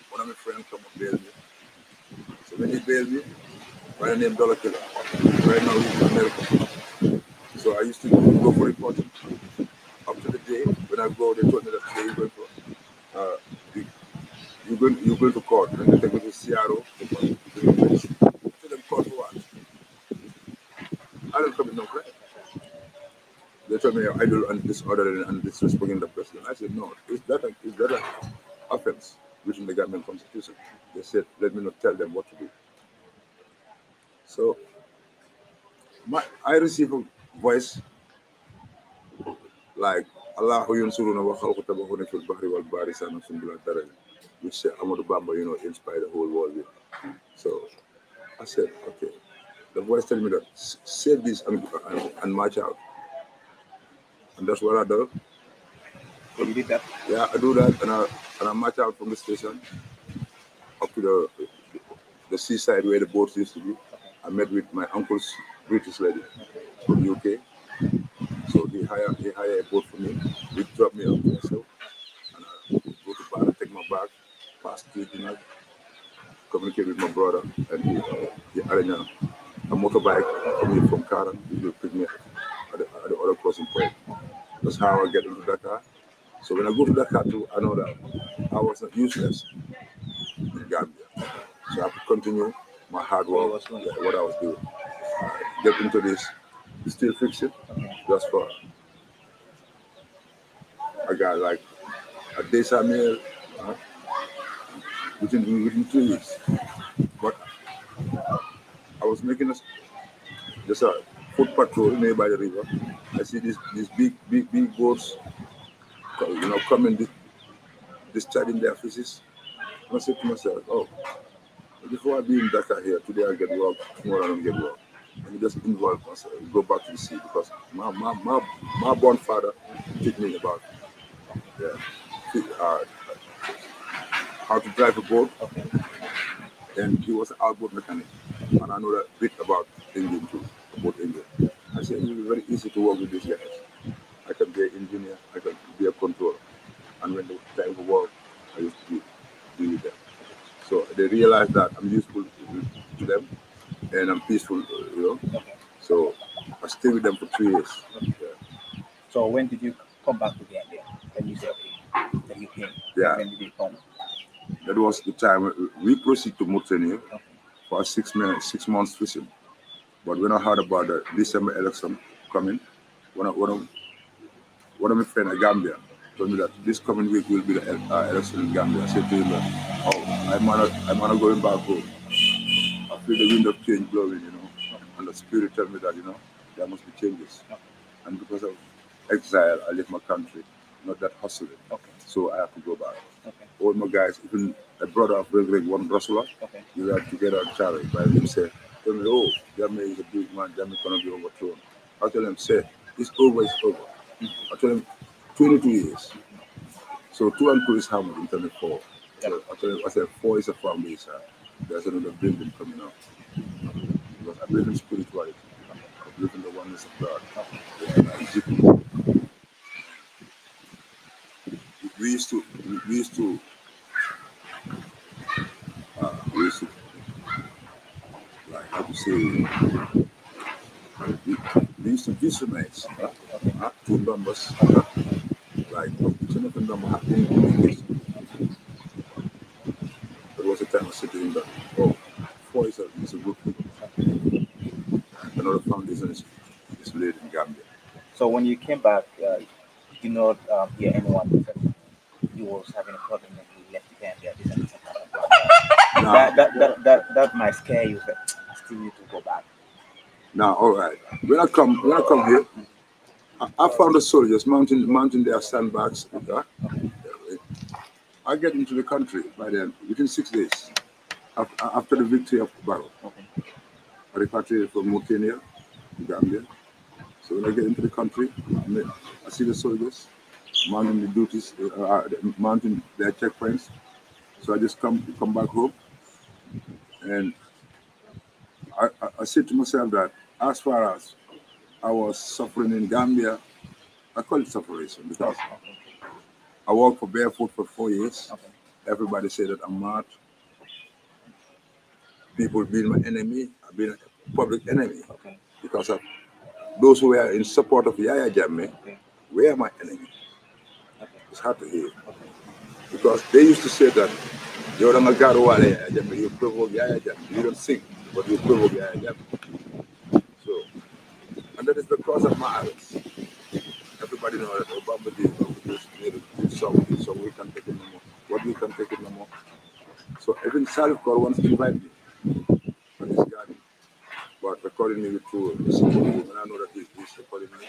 S3: One of my friends come up there when he bailed me, by the name Dollar Killer. Right now he's in America. So I used to go for reporting up to the day when I go, they told me that today you're going for uh, you, you're going you're going to court and they take me to Seattle to them what? I don't commit no crime. They told me I do and disorderly and disrespecting the president. I said no, is that a, is that an offense within the government constitution? They said, let me not tell them what to do. So my, I received a voice like Allah Yunsuruna wa Khalqutabahuna fil Bahri wal Bari Sana which Ahmad Bamba, you know, inspired the whole world with. So I said, okay. The voice told me that save this and, and, and march out. And that's what I do. So oh, you did that? Yeah, I do that and I and I march out from the station up to the the seaside where the boats used to be. I met with my uncle's British lady from the UK. So he hired he hired a boat for me. He dropped me off myself. And I go to bar, take my bag, pass through dinner, communicate with my brother, and he, he arranged a, a motorbike for me from Karen. He will pick me at the, at the other crossing point. That's how I get into Dakar. So when I go to Dakar too, I know that I was not useless in Gambia. So I could continue my hard work, yeah, what I was doing. Uh, get into this, still fix it, just for. I got like a desa meal uh, within, within two weeks. But I was making a, just a foot patrol near by the river. I see these this big big big boats, you know, coming, discharging their fishes. I said to myself, oh, before I be in Dakar here, today I get work, tomorrow I don't get work. Let me just involve myself, go back to the sea because my my my, my born father taught me about yeah, uh, how to drive a boat. Okay. And he was an outboard mechanic. And I know that bit about engine too, about engine. I said it will be very easy to work with these guys. I can be an engineer, I can be a controller. And when the time for work, I used to do be with them. So they realize that I'm useful to them and I'm peaceful, you know. So I stayed with them for three years. Yeah. So when did you come back to Gambia? When you say okay, then you came. Yeah. When did you come? That was the time we proceeded to Mauritania okay. for six minutes, six months fishing. But when I heard about the December election coming, one of one of one of my friends in Gambia, told me that this coming week will be the uh, election in Gambia. I said to him that, oh, I'm not, I'm not going back home. I feel the wind of change blowing, you know. And the spirit told me that, you know, there must be changes. Okay. And because of exile, I left my country, not that hustling. Okay. So I have to go back. Okay. All my guys, even a brother of Reverend one Russell, okay. we were together on Charlie by himself. Tell me, oh, Jamie is a big man, Jamie cannot be overthrown. I tell him, say, it's over, it's over. I tell him, 22 years. So two and two is how much? four. So I said four is a foundation. There's another building coming up. Because I believe in spirituality. I believe in the oneness of God. We used to we used to uh, we used to like how to say we, we used to visualize uh, uh, two numbers. Uh, nufin da mahaɗin There was a time I was doing
S1: that. Oh, Foy's is a good Another foundation is, is laid in Gambia. So when you came back, uh, you not um, hear anyone you was having a problem and you left Gambia. This and this that. that, that, that, that, that might scare you. But I still need to go back.
S3: Now, all right. When I come, when I come here, I found the soldiers mounting mounting their sandbags. I get into the country by then, within six days, after the victory of the battle. Okay. I repatriated from Kenya, Gambia. So when I get into the country, I see the soldiers mounting the duties, uh, mounting their checkpoints. So I just come come back home, and I, I, I said to myself that as far as I was suffering in Gambia. I call it suffering because I worked for Barefoot for four years. Okay. Everybody said that I'm mad. People being my enemy. I've been a public enemy okay. because of those who were in support of Yaya Jammeh okay. were my enemy. It's hard to hear because they used to say that you're not a God who Jammeh. You provoke Yaya Jammeh. You don't sing, but you provoke Yaya Jammeh. And that is because of my Arabs. Everybody knows that Obama did, Obama did, so, so we can take it no more. What we can take it no more. So even Salif Kaur to invite me garden. But according to the and I know that he's, he's to me,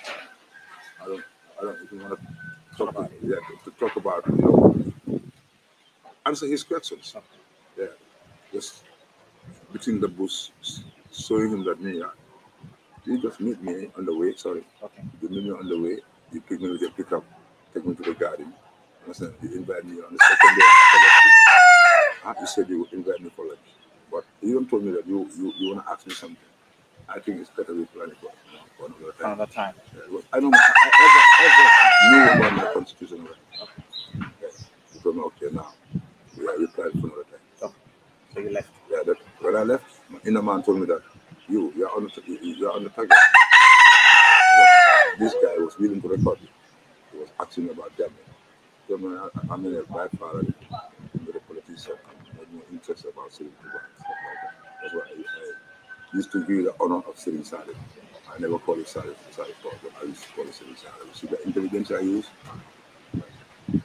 S3: I don't, I don't even want to talk about, yeah, to talk about, you know, answer his questions. Yeah, just between the bushes, showing him that me, yeah, you just meet me on the way, sorry. Okay. You meet me on the way, you pick me with your pickup, take me to the garden. Understand? You invite me on the second day for lunch. Ah! Ah, you said you would invite me for lunch. But you don't told me that you, you, you want to ask me something. I think it's better we plan it for, you know, for another time. Another time. Yeah, I don't I ever, ever knew about my constitution. right. Okay. Yes. Because okay, now we, are planned for another time. Okay. So you left? Yeah, that, when I left, my inner man told me that you, you're on the, you're on the target. this guy was willing to record He was asking about them. Germany, I, mean, by far, I'm a politician. I'm more interested about Syrian Cuba and That's why I, I used to give the honor of sitting side. I never call it Salad, Salad problem. I used to call it Syrian Salad. You see the intelligence I use?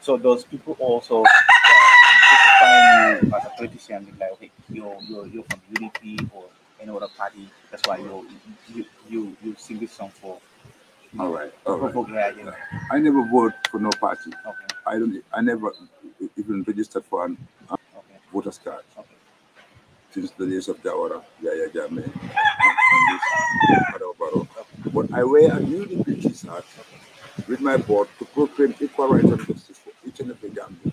S1: So those people also uh, find you as a politician, like, okay, you're, you're, you're from UDP or in other party. That's why you you you you sing this song for. All right, all right. you know. I never vote for no
S3: party. Okay. I don't. I never even registered for an um, okay. voter's card okay. since the days of Jawara, yeah, man. But I wear a newly British hat with my board to proclaim equal rights and justice for each and every Gambian.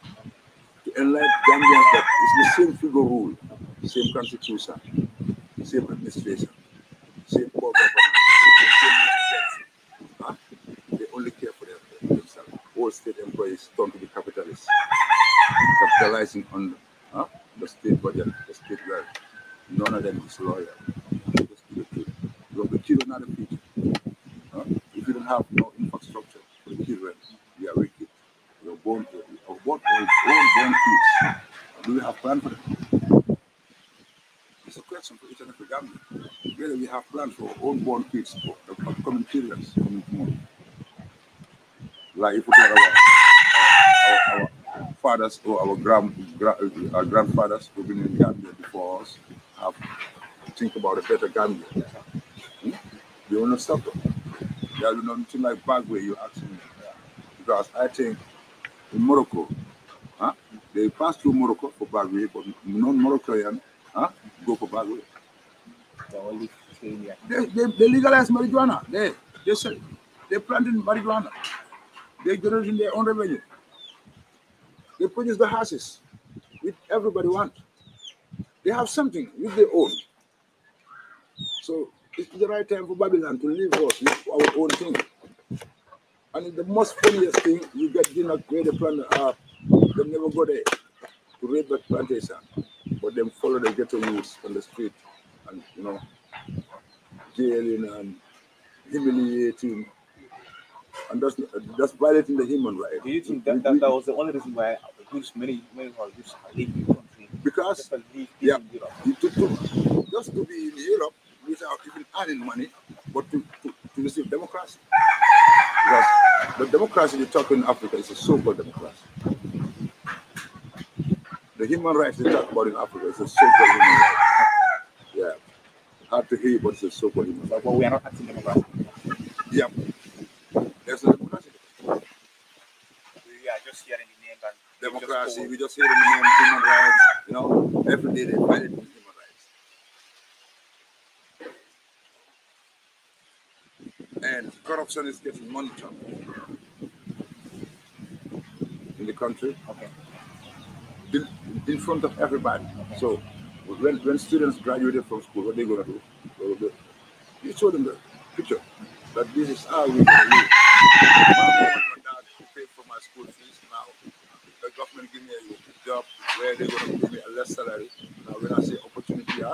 S3: To enlighten Gambians that it's the same figure rule, same constitution, same administration, same poor government, huh? They only care for themselves. All state employees turn to the capitalists, capitalizing on huh? the state budget, the state wealth. None of them is loyal. Because the children are the future. Huh? If you don't have no infrastructure for the children, you are wicked. You're born, you're born, you're born, born kids. Do we have plan for them? whether we have plans for unborn kids for the upcoming periods coming tomorrow. Like if we our, our, our, fathers or our, grand, uh, our grandfathers who've been in Gambia before us have to think about a better Gambia. Hmm? You wanna stop them. There is nothing like back where you're me. Because I think in Morocco, huh, they pass through Morocco for Bagwe, but non-Moroccan huh, go for Bagwe. Australia? They, they, they legalized marijuana. They they sell, they planted marijuana. They generating their own revenue. They produce the houses which everybody wants. They have something with their own. So it's the right time for Babylon to leave us with our own thing. And the most funniest thing, you get not create a plan, uh, they never go there to raid that plantation, but then follow the ghetto news on the street and, you know, jailing and humiliating and that's that's violating the human right. Do
S1: you think that, that, that was the only reason why groups, many many of our groups are leaving the country? Because leave, yeah, to, to, just to be in Europe without even earning money,
S3: but to, to, to receive democracy. Because the democracy you talk in Africa is a so-called democracy. The human rights you talk about in Africa is a so-called human rights hard to hear, what is the so good. Like, well, we are not acting democracy. Yeah. There's no democracy. We are just hearing the name and democracy. we just hearing the name human rights. You know, every day they fight it human rights. And corruption is getting monitored in the country. Okay. In, in front of everybody. Okay. So when, when students graduated from school, what are they going to do? Well, they, you show them the picture that this is how we do it. pay for my school fees now. The government give me a job where they're going to give me a less salary. Now, when I say opportunity, I,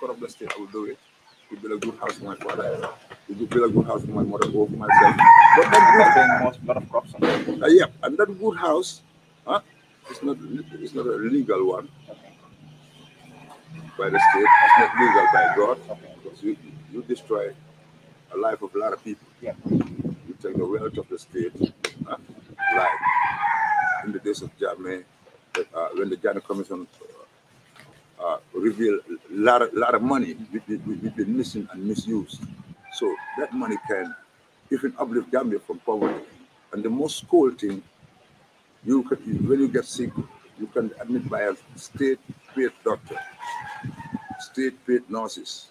S3: cut up the state, I will do it. To build a good house for my father, to build a good house for my mother, or for myself. But that good, a lot of crops on uh, yeah, and that good house, huh, it's not, it's not a legal one by the state. it's not legal by God because you, you destroy a life of a lot of people. Yeah. You take the wealth of the state, huh? like in the days of Germany, uh, when the Ghana Commission uh, uh, revealed a lot of, lot of money we've been missing and misused. So that money can even uplift Gambia from poverty. And the most cool thing, you when you get sick, you can admit by a state-paid doctor state paid nurses.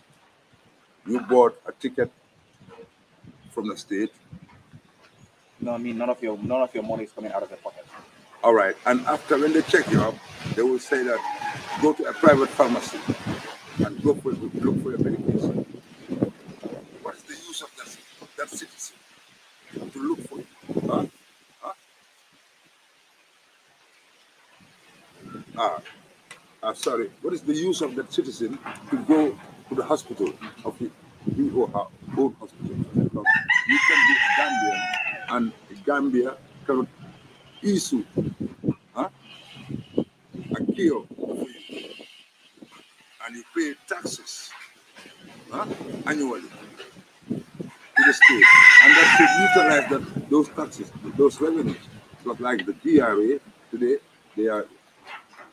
S3: You bought a ticket from the state.
S1: No, I mean none of your none of your money is coming out of your pocket.
S3: All right, and after when they check you up, they will say that go to a private pharmacy and go for look for your medication. What is the use of that that citizen to look for? Huh? Huh? Ah uh, sorry, what is the use of the citizen to go to the hospital of the BOR, uh, own hospital? Because you can be a Gambian and Gambia can issue huh, a cure and you pay taxes huh, annually to the state. And that should utilize that, those taxes, those revenues. But like the DRA today, they are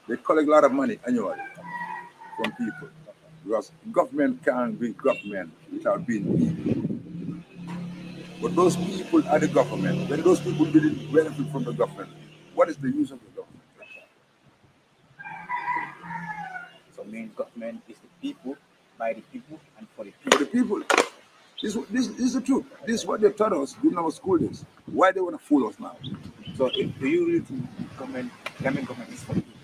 S3: they collect a lot of money annually from people because government can't be government without being people. But those people are the government. When those people didn't benefit from
S1: the government, what is the use of the government? So main government is the people, by the people, and for the people. For the people.
S3: This, this, this is the truth. This is what they taught us during our school days. Why they want to fool us now? So if, do you really think government, government, government is for the people?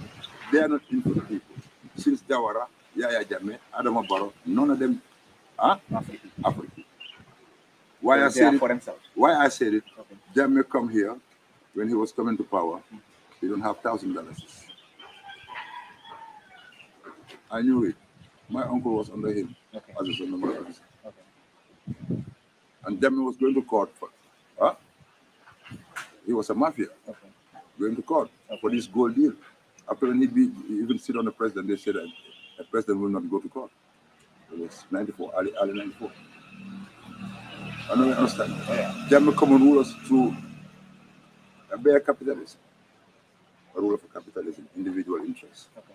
S3: They are not in for the people. Since Jawara, Yaya Jame, Adam Barrow, none of them are African. African. Why so I said for it, themselves. Why I said it, okay. Jame come here when he was coming to power, he don't have thousand dollars. I knew it. My uncle was under him okay. as a okay. And Jame was going to court for huh? he was a mafia going to court for this gold deal. After when he even sit on the president, they said that the president will not go to court. It was 94, early, early 94. I don't understand. Yeah. German common rulers through a bare capitalism, a rule of capitalism, individual interests. Okay.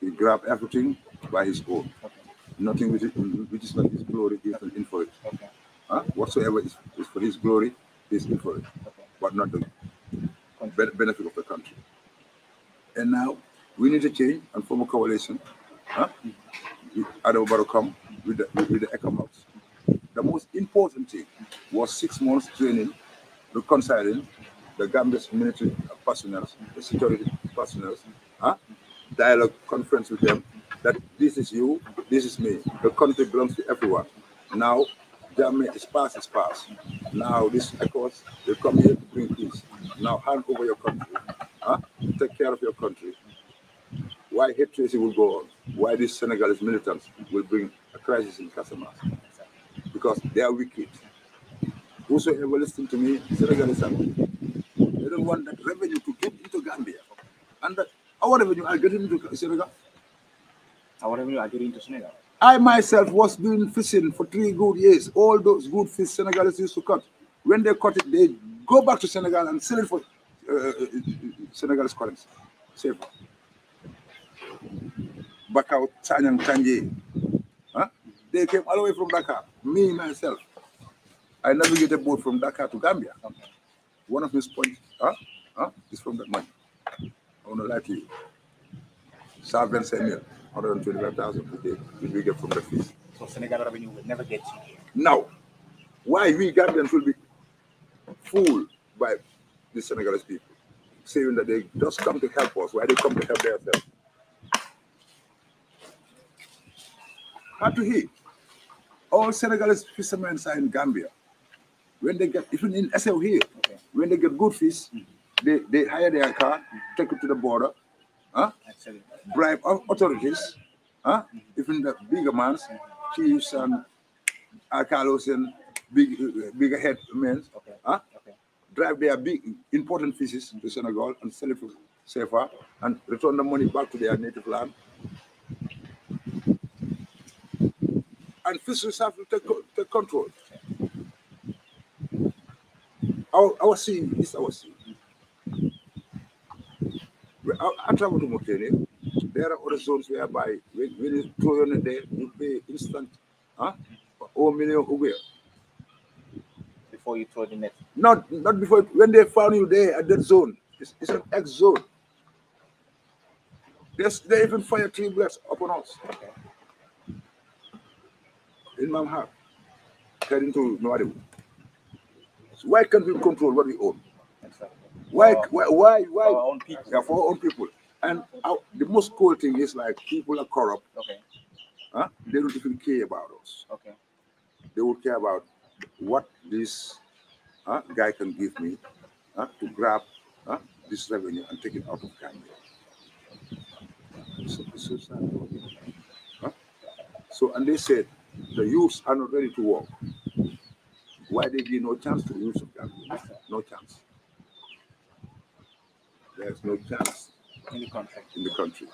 S3: He grabbed everything by his own. Okay. Nothing which is, which is not his glory is okay. in for it. Okay. Huh? Whatsoever is, is, for his glory is in for it, but not the benefit of the country. And now we need to change and form a coalition. Huh? Barokom, with the, with the The most important thing was six months training, reconciling the Gambia's military personnel, the security personnel, huh? dialogue conference with them that this is you, this is me. The country belongs to everyone. Now Government is past is past. Now this, of course, they come here to bring peace. Now hand over your country. Huh? Take care of your country. Why hatred will go on? Why these Senegalese militants will bring a crisis in Casamance? Because they are wicked. Whosoever listens to me, Senegalese are wicked. They don't want
S1: that revenue to get into Gambia. And that our revenue are getting into Senegal. Our revenue are getting into Senegal.
S3: I myself was doing fishing for three good years. All those good fish Senegalese used to cut. When they cut it, they go back to Senegal and sell it for uh, Senegalese currency. Save. Bakau, Tanyang, Tangi. Huh? They came all the way from Dakar. Me, myself. I navigated a boat from Dakar to Gambia. One of his points huh? Huh? is from that money. I want to lie to you. Servants and 125,000 per day will we get from the fees. So Senegal revenue will never get here. Now, why we Gambians will be fooled by the Senegalese people, saying that they just come to help us, why they come to help themselves. Hard to hear. All Senegalese fishermen are in Gambia. When they get, even in SL here, okay. when they get good fish, mm -hmm. they, they hire their car, take it to the border, huh? bribe authorities, huh? even the bigger ones, chiefs and alcalos and big, bigger head men, okay. huh? Okay. drive their big important fishes to Senegal and sell it for safer and return the money back to their native land. And fisheries have to take, take control. Our, our sea is our sea. I travel to Mauritania. There are other zones whereby when will throw in there, you pay instant, huh? Or million Before you throw the net? Not, not before, when they found you there at that zone. It's, it's an X zone. There's, they even fire three upon us. Okay. In Mamha, heading to Nwadibu. So why can't we control what we own? Why, why, why, why? Our own people. Yeah, for our own people. And our, the most cool thing is like people are corrupt. Okay. Huh? They don't even care about us. Okay. They will care about what this guy can give me huh, to grab huh, this revenue and take it out of Gambia. So, huh? so, and they said the youths are not ready to work. Why they give no chance to the youths of Gambia? No chance. There's no chance in the country. In the country.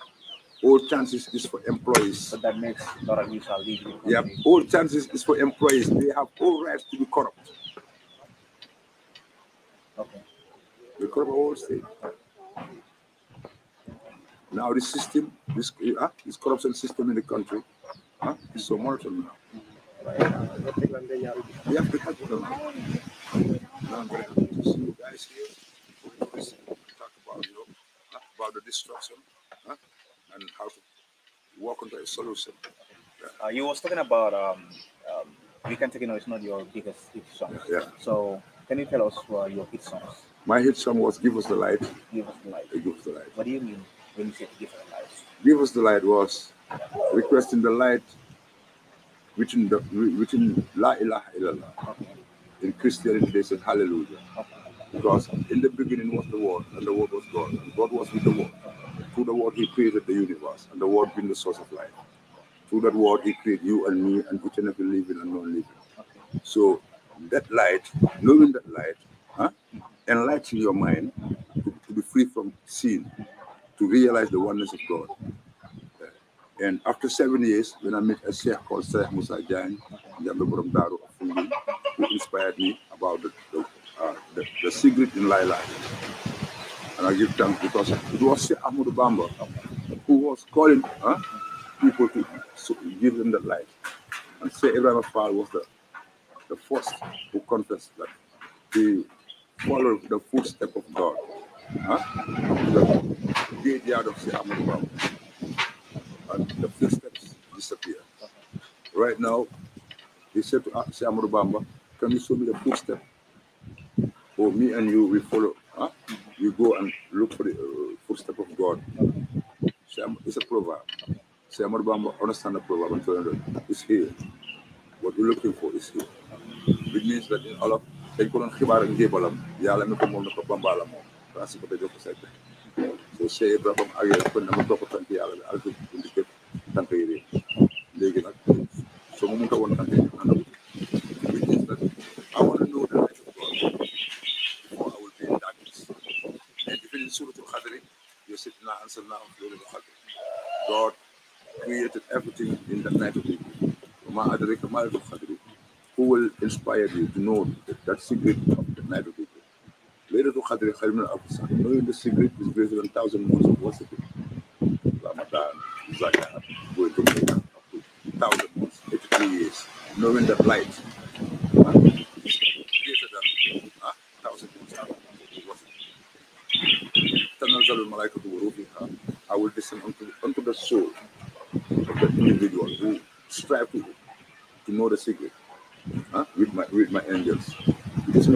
S3: All chances is for employees. But that makes a lot of Yeah, all chances is for employees. They have all rights to be corrupt. Okay. The corrupt all state. Now the system, this uh, this corruption system in the country, huh, is so mortal now. We have to help them. Now I'm to see you guys here
S1: about the destruction huh? and how to work on the solution. Yeah. Uh, you was talking about um, um, we can take you know it's not your biggest hit song. Yeah, yeah. So can you tell us uh, your hit songs?
S3: My hit song was "Give Us the Light."
S1: Give us the light. Uh, give us the light. What do you mean when you say "Give us the light"?
S3: Give us the light was requesting the light within the within La ilaha illallah. Okay. In Christianity, they said Hallelujah. Okay. Because in the beginning was the Word, and the Word was God, and God was with the Word. Through the Word, He created the universe, and the Word being the source of life. Through that Word, He created you and me and each living and non-living. So that light, knowing that light, huh, enlighten your mind to, to be free from sin, to realize the oneness of God. Uh, and after seven years, when I met a sheikh called Sheikh Musa Jan, who inspired me about the, the uh, the, the secret in Laila. And I give thanks because it was Ahmed Bamba who was calling people to so give them the light. And say Ibrahim Afal was the, the first who confessed that he followed the footstep of God. Huh? The graveyard of Sir Bamba. And the footsteps disappear. Right now, he said to ah, Sir Ahmed Bamba, can you show me the footsteps? for oh, me and you, we follow. Huh? You go and look for the uh, footstep of God. It's a proverb. Say, I'm not understand the proverb. I'm telling you, it's here. What we're looking for is here. It means that in all of dañ ko doon xibaar ak njébalam yàlla mi ko moom na ko bambaala moom danaa si ko jox ko say pexe soo seeyee ba bam ak yàlla kon dama topp tànk yàlla bi ak ko indi ko tànk yi réer léegi nag soo ma mënta woon everything in that night of Eid. Who will inspire you to know that, that secret of the night of Eid? Laylatul Qadr khayr min al Knowing the secret is greater than thousand months of worship. Ramadan, Zakat, going to make up to thousand months, 83 years. Knowing that light I will listen unto, unto the soul Know the secret huh? with, my, with my angels. It is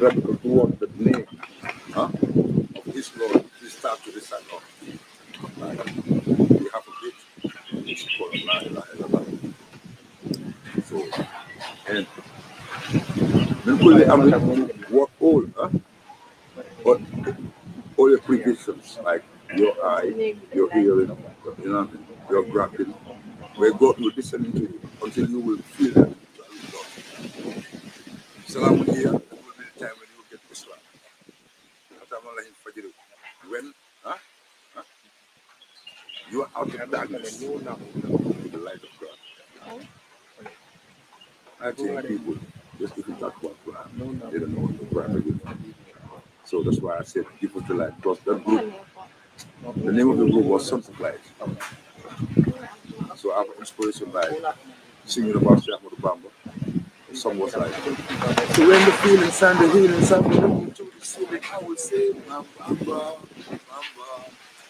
S3: said people to like trust that group. The name of the group was something like. So I was inspiration by singing about Sheikh Bamba. Some was like. So when the feeling sand the healing sound the room to the ceiling, I will say, Bamba, Bamba.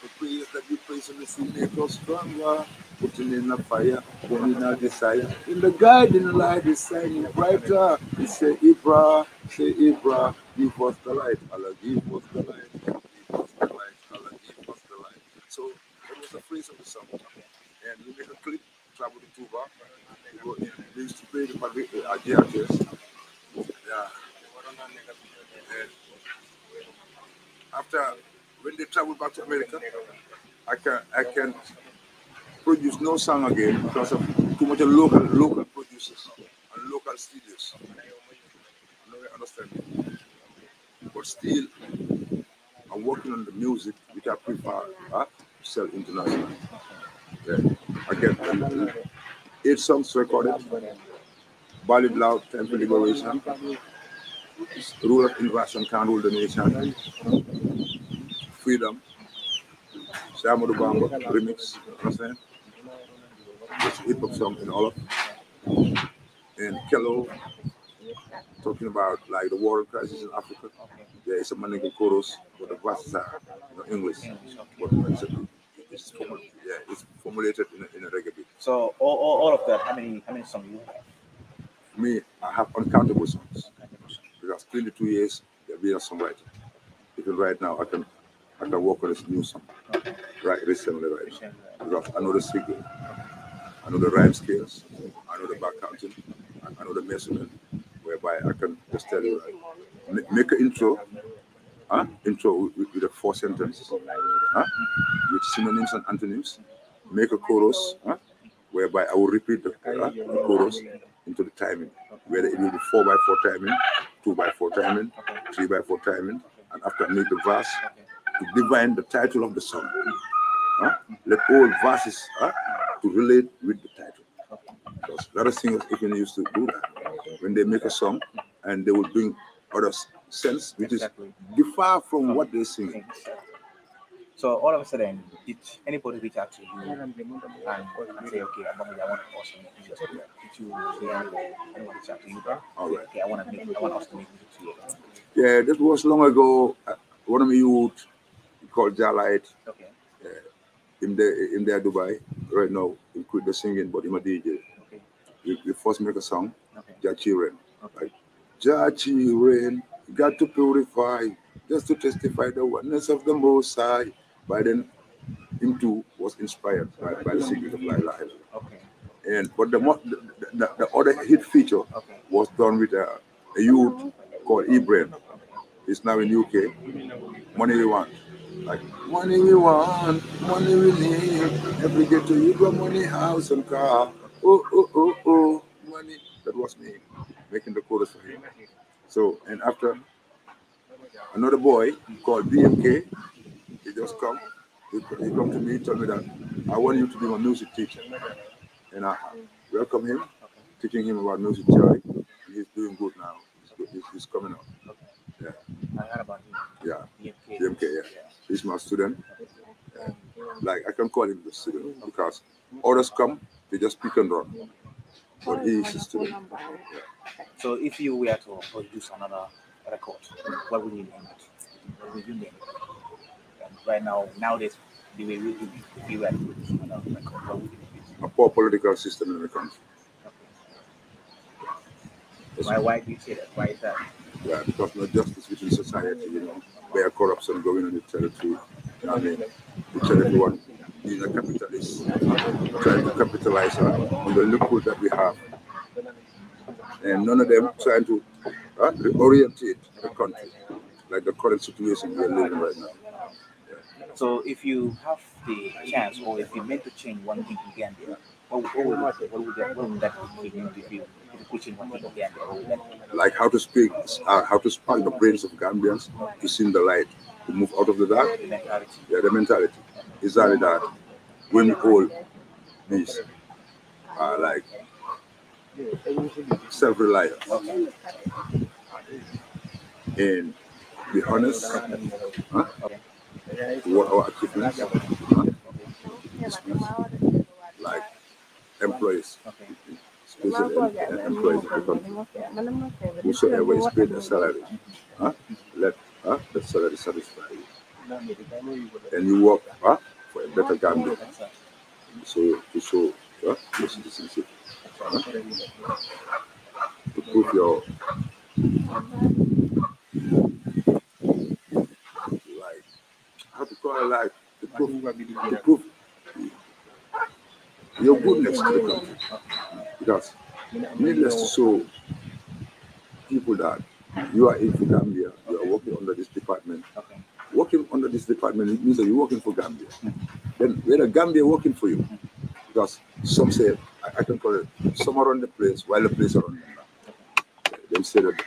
S3: The prayers that we praise on the ceiling grow Bamba. Putting in a fire, burning our desire. In the guiding light is shining brighter. He say, Ibra, say Ibra, give us the light. Allah give aquí, aquí es. Yeah. after, when they travel back to America, I can I can produce no song again because of too much local local producers and local studios. I understand. But still, I'm working on the music which I prefer uh, to sell internationally. Yeah. Again, uh, eight songs recorded. Bali Blau, Temple Liberation, Rule of Invasion Can Rule the Nation, Freedom, Shamu Dubamba Remix, understand? It's hip hop song in all of And Kello, talking about like the water crisis in Africa. There is a man in Koros, but the verses are in English. But it's, it's, formulated, yeah, it's formulated in a, in a reggae beat.
S1: So all, all, all, of that, how many how many songs you have?
S3: Me, I have uncountable songs because clearly, two years I've been a songwriter. Even right now, I can I can work on this new song, right? Recently, right because I know the secret, I know the rhyme scales, I know the back counting, I know the measurement, whereby I can just tell you, right? make an intro, huh? Intro with, with the four sentences, huh? With synonyms and antonyms, make a chorus, huh? whereby I will repeat the, uh, the chorus into the timing, whether it will be four by four timing, two by four timing, three by four timing, and after I make the verse, to divine the title of the song. Huh? Let all verses huh, to relate with the title. Because a lot of singers even used to do that. When they make a song
S1: and they will bring other sense, which is far from what they sing. So all of a sudden, did anybody reach out to you and say, okay, I'm going to want Austin to music together? Did you hear anyone reach out to you? All right. Okay, I want to make, I want us to make music
S3: you." Yeah, this was long ago. Uh, one of my youth called Jalite. Okay. Uh, in there, in there Dubai right now, include the singing, but he's my DJ. Okay. We, we first make a song, okay. Ja Children. Okay. Like, ja Children, got to purify just to testify the oneness of the Most High by then, him too was inspired by, by the secret of life. Okay. And but the, the, the, the other hit feature okay. was done with a, a youth called Ibrahim. He's now in UK. Money we want. Like money we want, money we need. Every day, ghetto you got money, house and car. Oh oh oh oh, money. That was me making the chorus for him. So and after another boy called BMK he just come. He, he come to me, tell me that I want you to be my music teacher, and I welcome him, teaching him about music theory. He's doing good now. He's, he's, he's coming up. Yeah. I heard about him. Yeah. DMK. DMK yeah. yeah. He's my student. Yeah. Like I can call him the student because others come,
S1: they just pick and run. But he is a student. Yeah. So if you were to produce another record, what would you name it? What would you name it? right now, nowadays, the way we do it, we were
S3: a poor political system in the country.
S1: Okay. Why, why do you say that?
S3: Why is that? Yeah, because no justice within society, you know, where corruption going on the territory. You know what I mean? The territory one being a capitalist, trying to capitalize on the loophole that we have. And none of them trying to uh, reorientate the country, like the current situation we are living right now.
S1: So if you have the chance, or if you meant to change one thing again, what would, what would, what would that what would that mean to you? Like how
S3: to speak, uh, how to spark the brains of Gambians to see the light, to move out of the dark. The yeah, the mentality. It's only that when we all meet, uh, like self-reliance okay. and be honest. Huh? what, our equipment, like employees, especially employees, whosoever is paid a salary, huh? let huh? the salary satisfy you. And you work huh? for a better Gambia. So to show huh? your citizenship, huh? to prove your uh, uh, uh, how to call alive to prove, to prove your goodness to the country. Because needless to show people that you are in for Gambia, you are working under this department. Working under this department means that you're working for Gambia. Then whether Gambia working for you, because some say I, I can call it some are on the place while the place are on them. They say that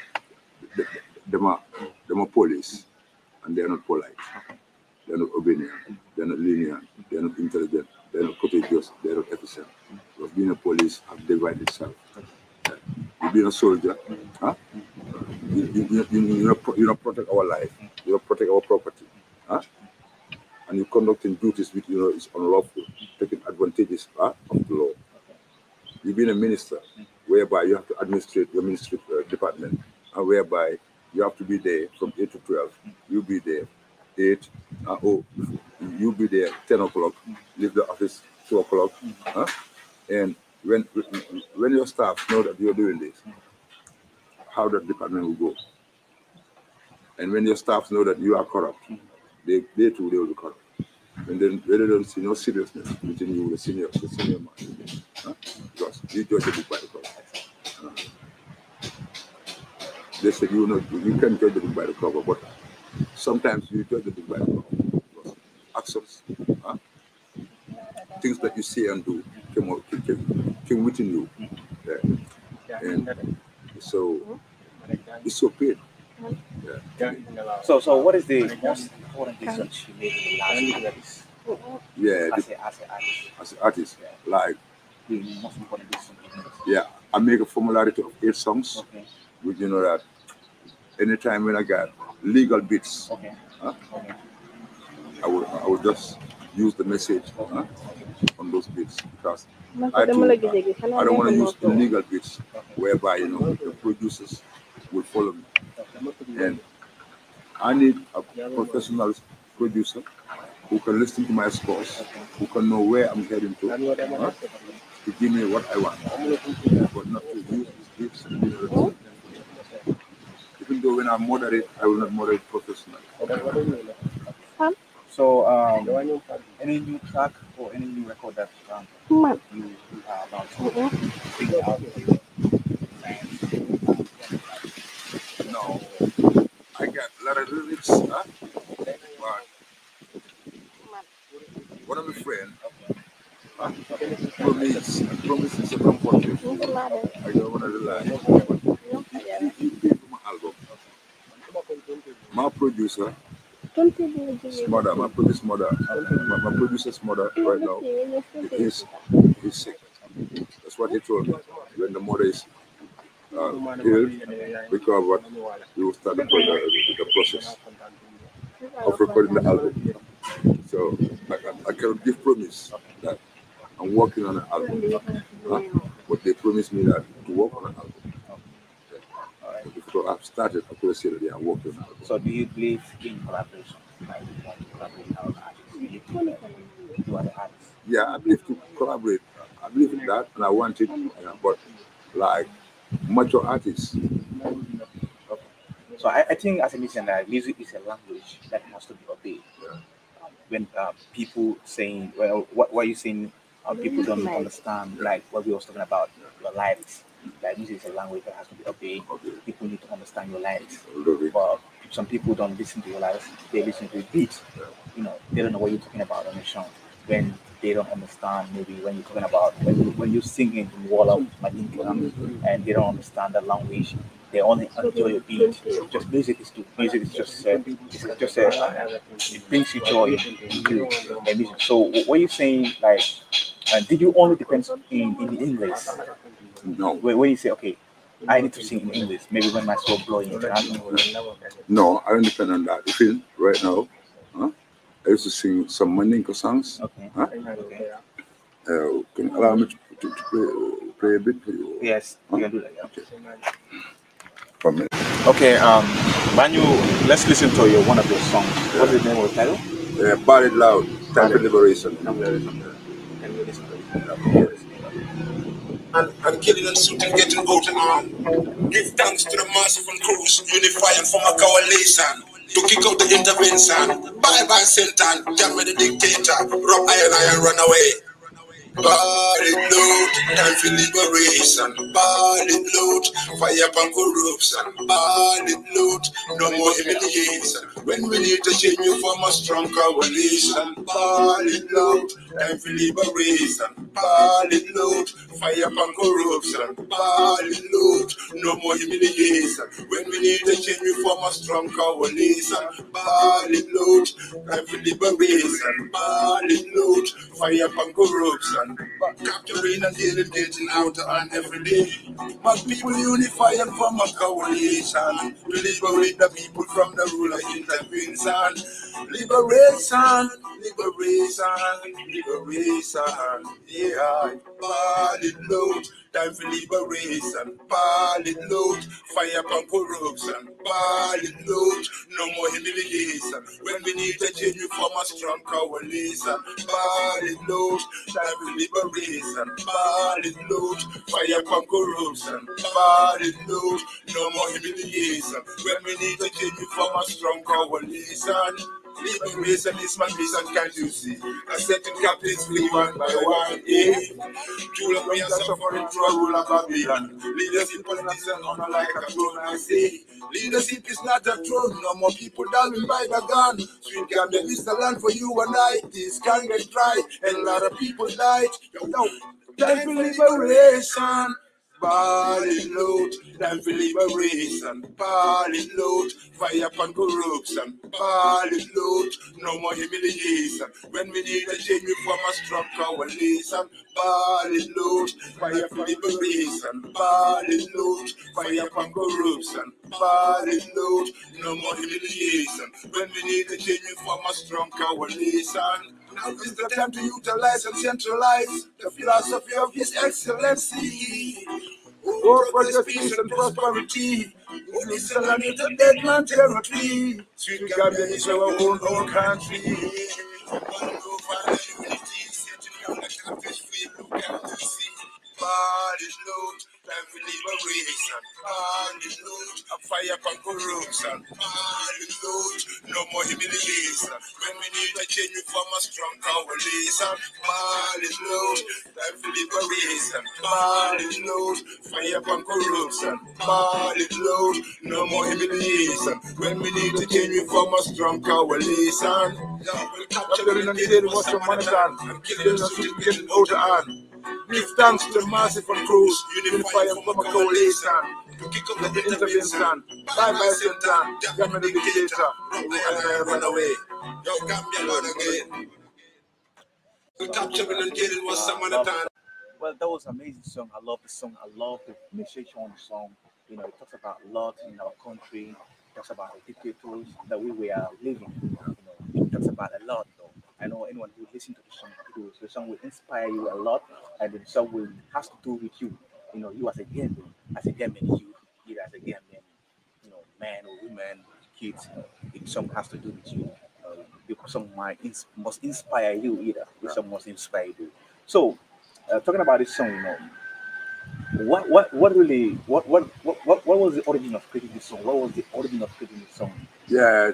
S3: they are police and they are not polite they're not obedient, they're not linear, they're not intelligent, they're not courageous, they're not efficient. Because being a police have divided itself. You being a soldier, huh? You, you, you, you, not, you not protect our life, you don't protect our property, huh? And you conducting duties which you know is unlawful, taking advantages huh, of the law. You have been a minister, whereby you have to administrate your ministry uh, department, and whereby you have to be there from 8 to 12, you'll be there 8, and uh, oh, you be there 10 o'clock, leave the office 2 o'clock. Mm-hmm. Huh? And when, when your staff know that you're doing this, how the department will go. And when your staff know that you are corrupt, mm-hmm. they, they too they will be corrupt. And then, when they don't see no seriousness between you, the senior, the senior man, huh? because you judge a by the cover. Huh? They said you know you can judge the book by the cover, but sometimes you judge the right actions, huh? things that you say and do came, out, came, came within you. Yeah. And so it's okay. Yeah. So, so what is the most
S1: important research you made in the last few Yeah, as, the, a, as an artist. As an artist, yeah. like
S3: the most important decision. Yeah, I make a formula of eight songs, okay. which you know that anytime when I got legal bits. Okay. Huh? okay. I will I will just use the message huh, on those bits because I, too, I don't want to use illegal bits whereby you know the producers will follow me. And I need a professional producer who can listen to my scores, who can know where I'm heading to, huh, to give me what I want, but not to use these bits do when I moderate, I will not moderate professionally.
S1: Um, so, um, any new track or any new record that um, hmm. you, you are about to bring out?
S3: No, I got a lot of lyrics, huh? but one of my friends promised, promised to come for you. I don't want to rely my producer,
S2: his mother,
S3: my producer's mother, my, my producer's mother right now, he's, he's sick. That's what he told me. When the mother is uh, healed, recovered, we will start the, the process of recording the album. So I, I, I cannot give promise that I'm working on an album, huh? but they promised me that to work on an album. I've started So, do you believe in collaboration? Do you Yeah, I believe to collaborate. I believe in that, and I want it. You know, but like mature artists. Okay.
S1: So I, I think as a musician, music is a language that has to be obeyed. Yeah. When uh, people saying, well, what, what are you saying? Uh, people don't understand, yeah. like what we were talking about, your lyrics. Like music is a language that has to be obeyed. Okay. People need to understand your lyrics. But some people don't listen to your lyrics. They listen to the beat. Yeah. You know, they don't know what you're talking about on the song. When they don't understand, maybe when you're talking about when, when you're singing in wall my Madinkiram and they don't understand the language, they only enjoy your beat. Just music is to music is just uh, it's just uh, it brings you joy to music. So what are you saying, like uh, did you only depend in, in English? No. When you say, okay, I need to sing in English, maybe when my soul blowing international.
S3: No, I don't depend on that. If you right now, huh? I used to sing some Mandinka songs. Okay. Huh? okay. Uh, can you allow me to, to,
S1: to play, play a bit for you? Yes, huh? you can do that. Yeah. Okay. For me. Okay, um, Manu, let's listen to your one of your songs. Yeah. What's the name of the title?
S3: Yeah, uh, Ballad Loud, Time for Liberation. And, and killing and shooting, getting out in arm. Give thanks to the merciful crews, unifying from a coalition to kick out the intervention. Bye bye, Satan, jam with the dictator, rob iron, iron, run away. Body load, time for liberation. Body load, fire upon corruption. Body load, no more humiliation. When we need to change, you form a strong coalition. Body load, time for liberation. Body load, fire upon corruption. Body load, no more humiliation. When we need to change, you form a strong coalition. Body load, time for liberation. Body load, fire upon corruption. Babylon. Capturing and getting out on every day. Must people unify and form a coalition. To liberate the people from the rule ruler intervention. Liberation,
S1: liberation, liberation. Yeah, body
S3: load. Time for liberation, ball it load. Fire upon corruption, ball it load. No more humiliation. When we need a change, we form a strong coalition. Ball it load. Time for liberation, ball it load. Fire upon corruption, ball it load. No more humiliation. When we need a change, we form a strong coalition. Leave me mason, this man mason, can't you see? I set in captives free one by one, eh? True love me and suffering through a rule of Babylon. Leadership is not an honor like a throne, I say. Leadership is not a throne, no more people dying by the gun. Sweet God, there is the land for you and I. This can get dry, and a lot of people died. Yo, yo. Time for liberation. Bali loot, believe a liberation. Bali loot, fire upon corruption. Bali loot, no more humiliation. When we need a change, we form a strong coalition. Bali loot, fire for liberation. Bali fire upon corruption. Bali no more humiliation. When we need a change, we form a strong coalition. Now is the time to utilize and centralize the philosophy of His Excellency. Who the peace and prosperity. Who is surrounded the man territory. Sweet Gambia is our own whole country. Unity, setting down life liberation. Hallelujah. A fire for corruption. Hallelujah. No more humiliation. When we need a change, we form a strong coalition. Hallelujah. Life liberation. Hallelujah. Fire for corruption. Hallelujah. No more humiliation. When we need a change, we form a strong coalition. Yeah, we'll capture the needed, what's the money done? I'm killing us, we're getting older on. Give thanks to the merciful unify and form a coalition. To kick up the intervention, bye bye Satan, Gamma the dictator, run away. Yo, run
S1: again. We and someone at time. Well, that was an amazing song. I love the song. I love the message on the song. You know, it talks about love in our country. It talks about the dictators that we were living. You know, it talks about a lot. I know anyone who listen to this song, will, the song will inspire you a lot, and the song will has to do with you. You know, you as a gamer, as a gamer, you, you as a gamer, you know, man or woman, kids, you know, song has to do with you. Uh, because song might ins- must inspire you either. The song must inspire you. So, uh, talking about this song, you know, what what what really what what what what was the origin of creating this song?
S3: What was the origin of creating this song? Yeah,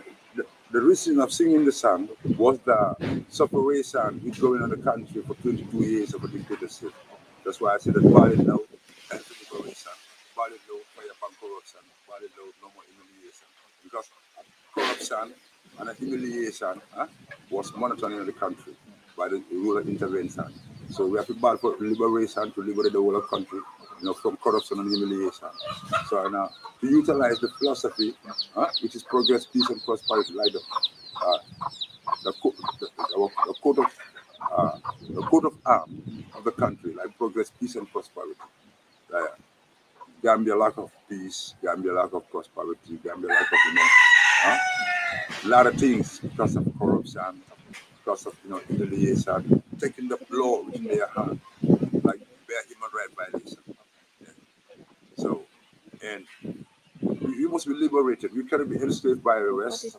S3: the reason of singing the song was the separation song, going on the country for 22 years of a dictatorship. That's why I said that body now and Safari song, body loud, fire upon corruption, body now no more humiliation. Because corruption and humiliation huh, was monitoring the country by the rule intervention. So we have to battle for liberation to liberate the whole of country you know, from corruption and humiliation. So now, to utilize the philosophy, uh, which is progress, peace, and prosperity, like the, uh, the, the, the, the code of uh, the coat of arm of the country, like progress, peace, and prosperity. Uh, Gambia lack of peace, Gambia lack of prosperity, Gambia lack of you know, huh? a lot of things because of corruption, because of you know humiliation, taking the blow in their hand, like bare human rights violation and you must be liberated. You cannot be enslaved by the West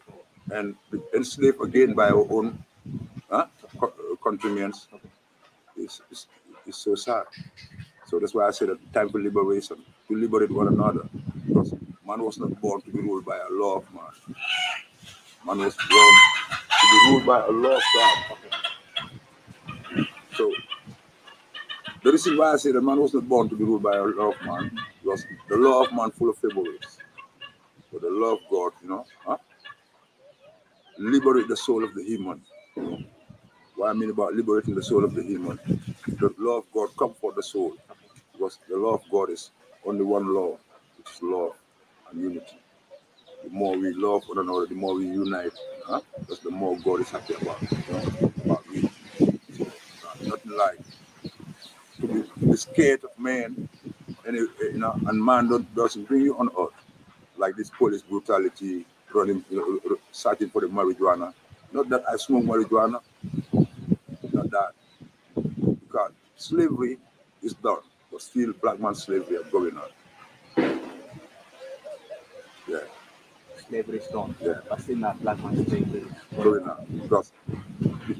S3: and be enslaved again by our own huh, uh, countrymen. It's, it's, it's so sad. So that's why I say that time for liberation, to liberate one another. Because man was not born to be ruled by a law of man. Man was born to be ruled by a law of God. So the reason why I say that man was not born to be ruled by a law of man because the law of man full of fables. But the law of God, you know, huh? liberate the soul of the human. What I mean about liberating the soul of the human, the law of God comfort the soul. Because the law of God is only one law, which is love and unity. The more we love one another, the more we unite, huh? that's the more God is happy about, you know, about me, So, nothing like to be, to be scared of man and it, you know, and man don't, doesn't bring you on earth. Like this police brutality, running, you know, searching for the marijuana. Not that I smoke marijuana, not that. Because slavery is done, but still black man slavery are going on. Yeah.
S1: Slavery is done, yeah. but still not black man slavery.
S3: Going on, because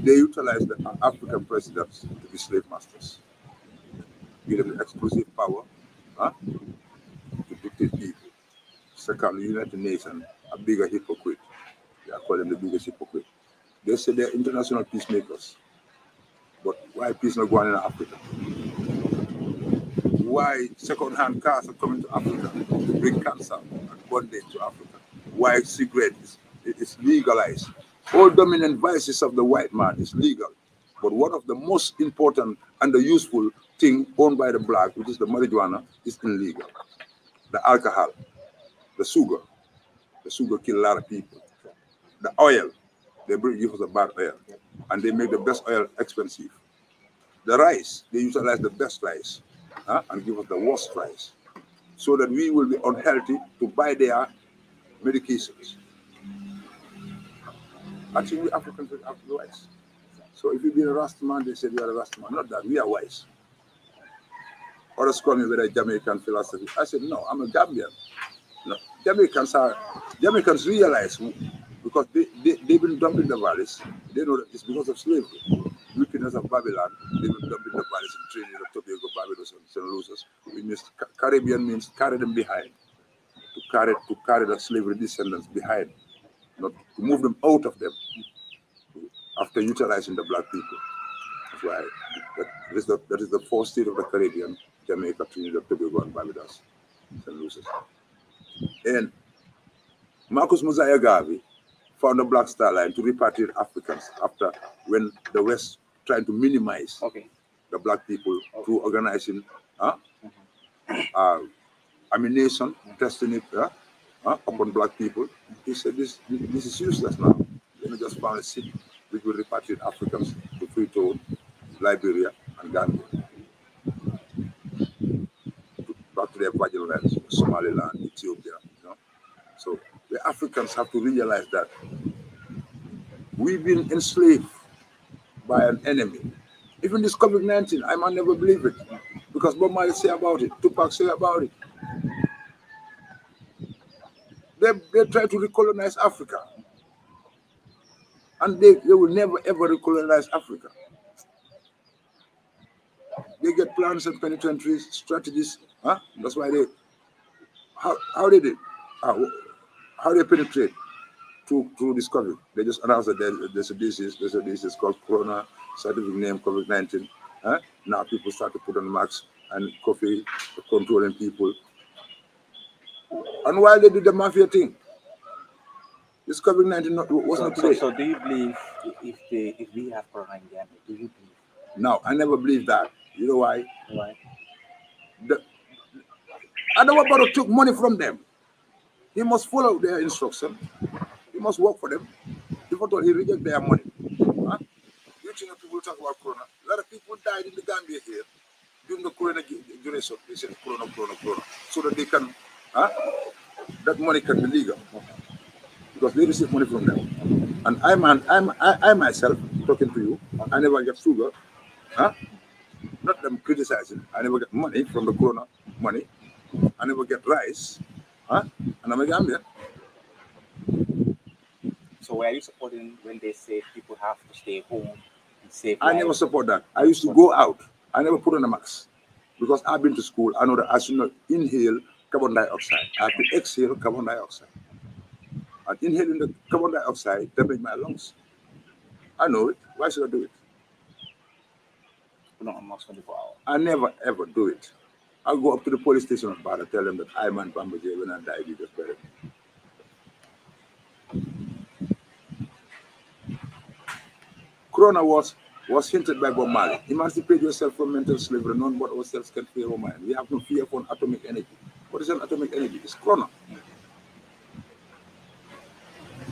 S3: they utilize the African presidents to be slave masters. Give them exclusive power huh? to protect people. Secondly, United Nations a bigger hypocrite. They are calling the biggest hypocrite. They say they're international peacemakers. But why peace not going in Africa? Why second-hand cars are coming to Africa to bring cancer and bondage to Africa? Why cigarettes is, is legalized? All dominant vices of the white man is legal. But one of the most important and the useful thing owned by the black, which is the marijuana, is illegal. The alcohol, the sugar, the sugar kill a lot of people. The oil, they bring you for the bad oil, and they make the best oil expensive. The rice, they utilize the best rice, huh? and give us the worst rice, so that we will be unhealthy to buy their medications. Actually, Africans have rice. So if you've been a rust man, they said you are a rust man. Not that, we are wise. Others call me with a Jamaican philosophy. I said, no, I'm a Gambian. No, Jamaicans are, Jamaicans realize because they, they, they've been dumping the valleys. They know that it's because of slavery. Wickedness of Babylon, they've been dumping the valleys and Trinidad, Tobago, Barbados, and St. Lucia's. We missed, Caribbean means carry them behind. To carry, to carry the slavery descendants behind, not to move them out of them after utilizing the black people. That's why that is the that is the fourth state of the Caribbean, Jamaica, Trinidad, Tobago, and Barbados, St. Lucia. And Marcus Mosiah Garvey found the Black Star Line to repatriate Africans after when the West tried to minimize okay. the black people okay. through organizing uh, mm -hmm. uh, ammunition, testing uh, uh, upon mm-hmm. black people. He said, this, this is useless now. Let me just found a city which will repatriate Africans to Freetown, Liberia, and Gambia. Back to their virgin lands, Somaliland, Ethiopia. You know? So the Africans have to realize that we've been enslaved by an enemy. Even this COVID-19, I might never believe it because Bob Marley say about it, Tupac say about it. They, they try to recolonize Africa and they, they will never ever recolonize Africa. They get plans and penetrant strategies. Huh? That's why they how how did it how, how they penetrate through through discovery. They just announced that there's, there's a disease, there's a disease called corona, scientific name COVID-19. Huh? Now people start to put on masks and coffee, controlling people. And while they do the mafia thing, this COVID nineteen was so, not today. So, so,
S1: do you believe if they
S3: if we have corona again, do you believe? No, I never believe that. You know why? Why? The Adawabaro took money from them. He must follow their instruction. He must work for them. Before he reject their money. Huh? You think people talk about corona? A lot of people died in the Gambia here during the corona duration. They said corona, corona, corona, so that they can, huh? That money can be legal because they receive money from them. And I'm an, I'm I, I myself talking to you, I never get sugar. Huh? Not them criticizing. I never get money from the corona money. I never get rice. Huh? And I'm a Gambian.
S1: So are you supporting when they say people have to stay home and save? I life? never support that. I used to go out. I never put on a mask
S3: because I've been to school. I know that I should not inhale carbon dioxide. I have to exhale carbon dioxide inhaling the carbon dioxide, damage my lungs. I know it. Why should I do it?
S1: Not almost 24 hours.
S3: I never ever do it. I go up to the police station and bother, tell them that I'm on Bambaje when I die, you just better. Corona was was hinted by Bob Marley. Emancipate yourself from mental slavery, None but ourselves can free our mind. We have no fear for atomic energy. What is an atomic energy? It's corona. Mm.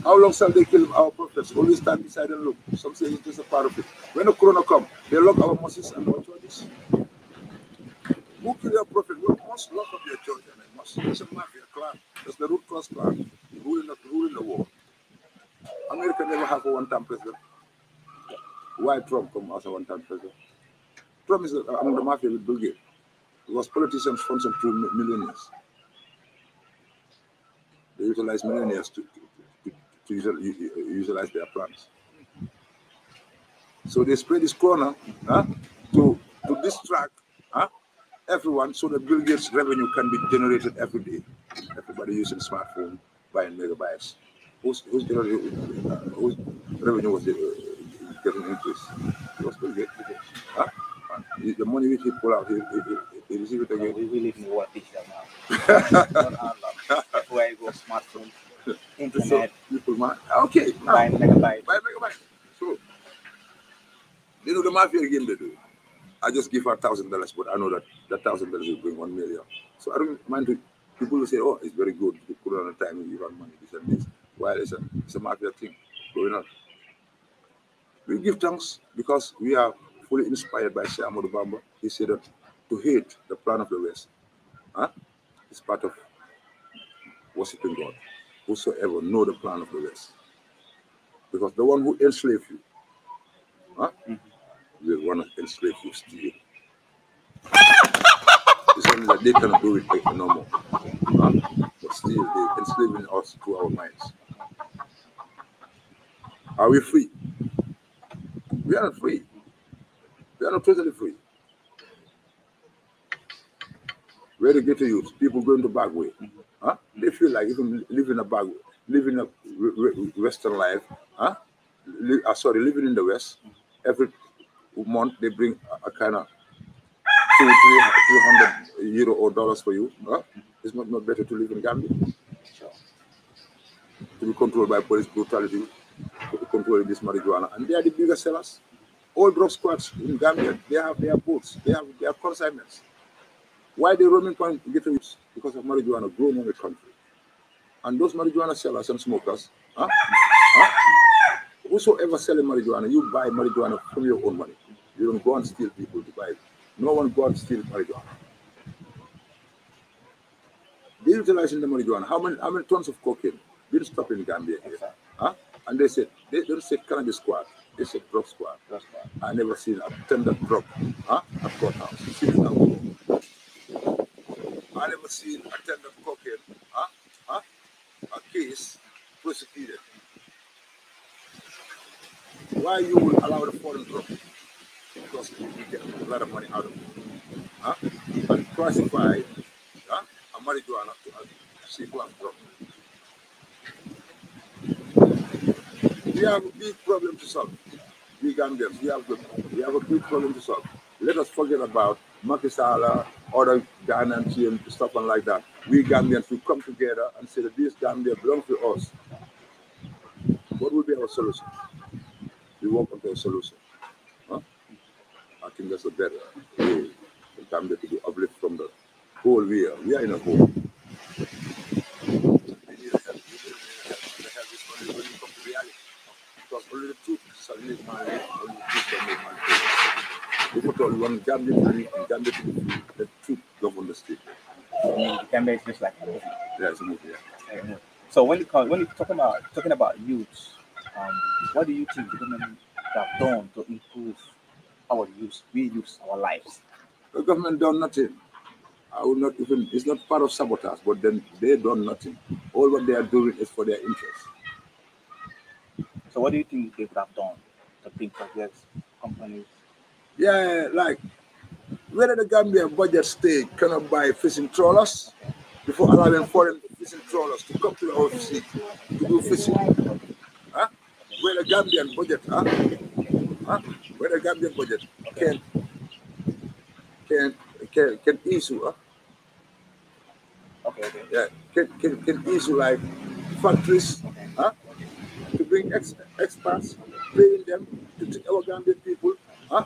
S3: How long shall they kill our prophets? Always stand beside and look. Some say it's just a part of it. When the corona come, they lock our mosques and our churches. Who killed your prophet? We must lock up your church and it It's a mafia clan. It's the root cause clan ruling the, ruling the world. America never have a one-time president. Why Trump come as a one-time president? Trump is uh, among the mafia with Bill Gates. was politicians from through millionaires. They utilize millionaires to, to utilize their plants. So they spray this corner, huh, to, to distract huh, everyone so that Bill Gates revenue can be generated every day. Everybody using smartphone, buying megabytes. Who's, who's, uh, who's revenue was uh, getting increased? It was Bill Gates. Huh? the money which he pull out, he, he,
S1: he, receive it again. No, we live in he's war now. That's why I go smartphone. Internet. Okay. 5 5 So,
S3: you know the mafia again, they do. I just give her thousand dollars, but I know that that thousand dollars will bring one million. So I don't mind to people will say, "Oh, it's very good. You put on the time, you have money, this and this." Well, it's a it's a mafia thing going on. We give thanks because we are fully inspired by Sheikh Ahmad Bamba. He said that to hate the plan of the West, huh, is part of worshiping God whosoever know the plan of the rest, Because the one who enslaved you huh, mm -hmm. will want to enslave you still. it's only that they cannot do it no more. Huh? But still, they're enslaving us to our minds. Are we free? We are not free. We are not totally free. Where get to youth, people going to back way. Mm -hmm. Huh? They feel like even living a bag, living a Western life. Huh? Li uh, sorry, living in the West. Every month they bring a, a kind of two, three, three hundred euro or dollars for you. Huh? It's not, not better to live in Gambia. To be controlled by police brutality, controlling this marijuana, and they are the biggest sellers. All drug squads in Gambia, they have their boats, they have their consignments. Why the roaming from ghetto because of marijuana grown in the country. And those marijuana sellers and smokers, huh? huh? whosoever selling marijuana, you buy marijuana from your own money. You don't go and steal people to buy it. No one go and steal marijuana. They utilizing the marijuana. How many how many tons of cocaine? been stop in Gambia here. huh? And they said they, they don't say cannabis squad. They said drug squad. I never seen a tender drug huh? at courthouse. I never seen a tender cocaine, huh? Huh? a case prosecuted. Why you will allow the foreign drug? Because you get a lot of money out of it. Huh? And classify huh? a marijuana to a simple drug. We have a big problem to solve. We Gambians, we have, a, we have a big problem to solve. Let us forget about Makisala, other Ghanaian team, stuff like that. We Gambians, we come together and say that this Gambia belongs to us. What will be our solution? We work on a solution. Huh? I think that's a better way for Gambia to be uplift from the whole we are. We are in a hole. Because only the truth shall my told you want Gambia to be Gambia to be free, the
S1: truth govern the state. Gambia is just like a movie. Yeah, it's a movie. Yeah. So when it when you talking about talking about youth, um, what do you think government have done to improve our youth, we youth, our lives? The government done nothing.
S3: I will not even. It's not part of sabotage, but then they done nothing. All what they are doing
S1: is for their interest. So what do you think they could have done to bring progress companies yeah, like where the Gambian budget
S3: state cannot buy fishing trawlers before allowing foreign fishing trawlers to come to the office to do fishing. Huh? Where the Gambian budget, huh? huh? Where the Gambian budget can can can can issue, huh? Okay, okay. Yeah, can, can, can issue like factories, huh? To bring ex experts, paying them to take our Gambian people, huh?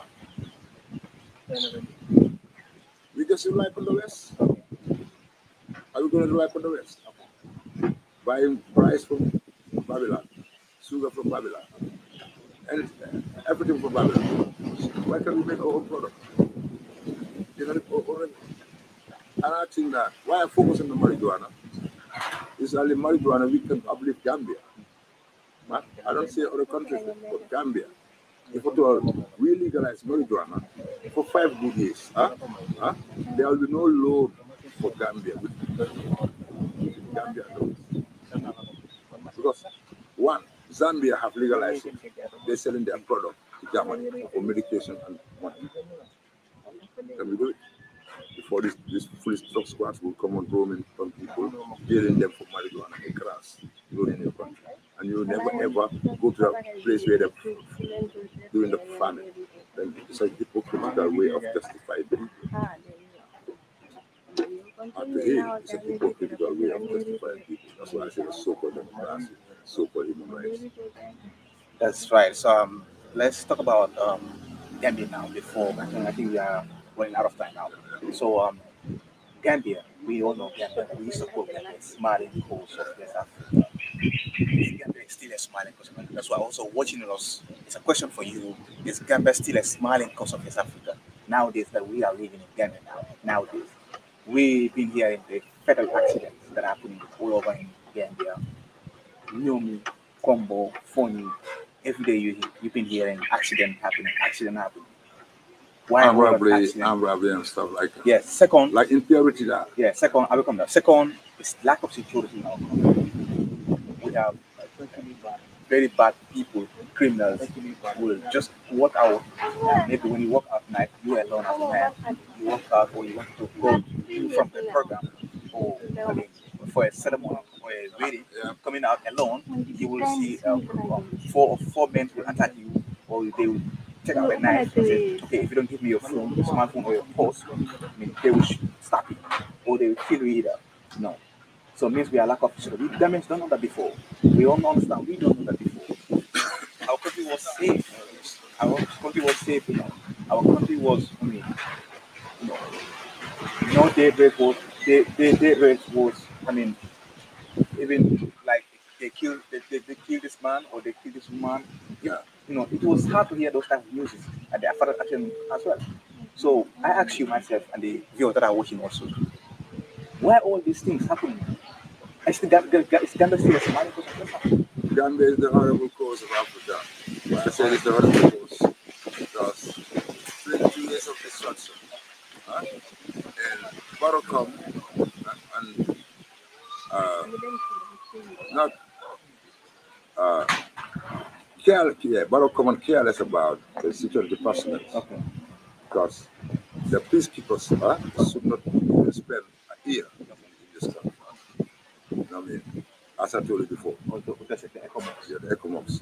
S3: We just rely on the rest. Are we going to rely for the rest? Okay. Buying rice from Babylon, sugar from Babylon, and everything from Babylon. Why can't we make our own product? You know, And I think that why I focus on the marijuana is only marijuana we can uplift Gambia. I don't see other countries, but Gambia. If you are really For five good years, huh? Huh? there will be no load for Gambia Gambia Because one, Zambia have legalized it. They're selling their product to Germany for medication and money. Can we do it? Before this, this police drug squads will come on roaming on people, dealing them for marijuana and grass, ruining your country and you never ever go to a place where
S2: they're doing
S3: the famine. Then it's a hypocritical way of justifying and to him, it's a hypocritical way of
S1: justifying people. That's why I say so-called democracy, so-called human rights. That's right. So um, let's talk about um, Gambia now before I think, I think we are running out of time now. So um, Gambia, we all know Gambia. We support Gambia. call Gambia Mali of West Africa still a smiling because of Africa. That's why also watching us, it's a question for you. Is Gambia still a smiling because of East Africa? Nowadays that we are living in Gambia now, nowadays. We've been hearing the fatal accidents that are happening all over in Gambia. Nyomi, Combo, Phony, every day you, you've been hearing accident happening, accident happening. Why and robbery, robbery and stuff like that. Yes, second. Like impurity that. Yeah, second, I will come down. Second is lack of security in our country. We have very bad people, criminals, will just walk out. Maybe when you walk at night, you alone as a man, you walk out or you want to go from the program or for a ceremony or a wedding, coming out alone, you will see um, four or four men will attack you or they will take out a knife and say, okay, if you don't give me your phone, your smartphone or your purse, I mean, they will stop you or they will kill you either. No. So it means we are lack of children. We damage don't know that before. We all understand. We don't know that before. Our country was safe. Our country was safe, you know. Our country was, I mean, you know, no daybreak was, day, day, day rate was, I mean, even like they killed, they, they, they killed this man or they killed this woman. Yeah. You know, it was hard to hear those type of news at the Afar action as well. So I ask you myself and the viewer that are watching also, why all these things happening? Este Gambia, is Gambia still a Somali cause of Africa? Gambia is the horrible cause of Africa. Why I said it's the horrible cause.
S3: Because 22 years of destruction. Huh? And Barocom and, uh, not uh, care, care, and careless about the security personnel. Okay. Because the peacekeepers huh, should not spend a year in this country. I mean? As I told you before. the Yeah, the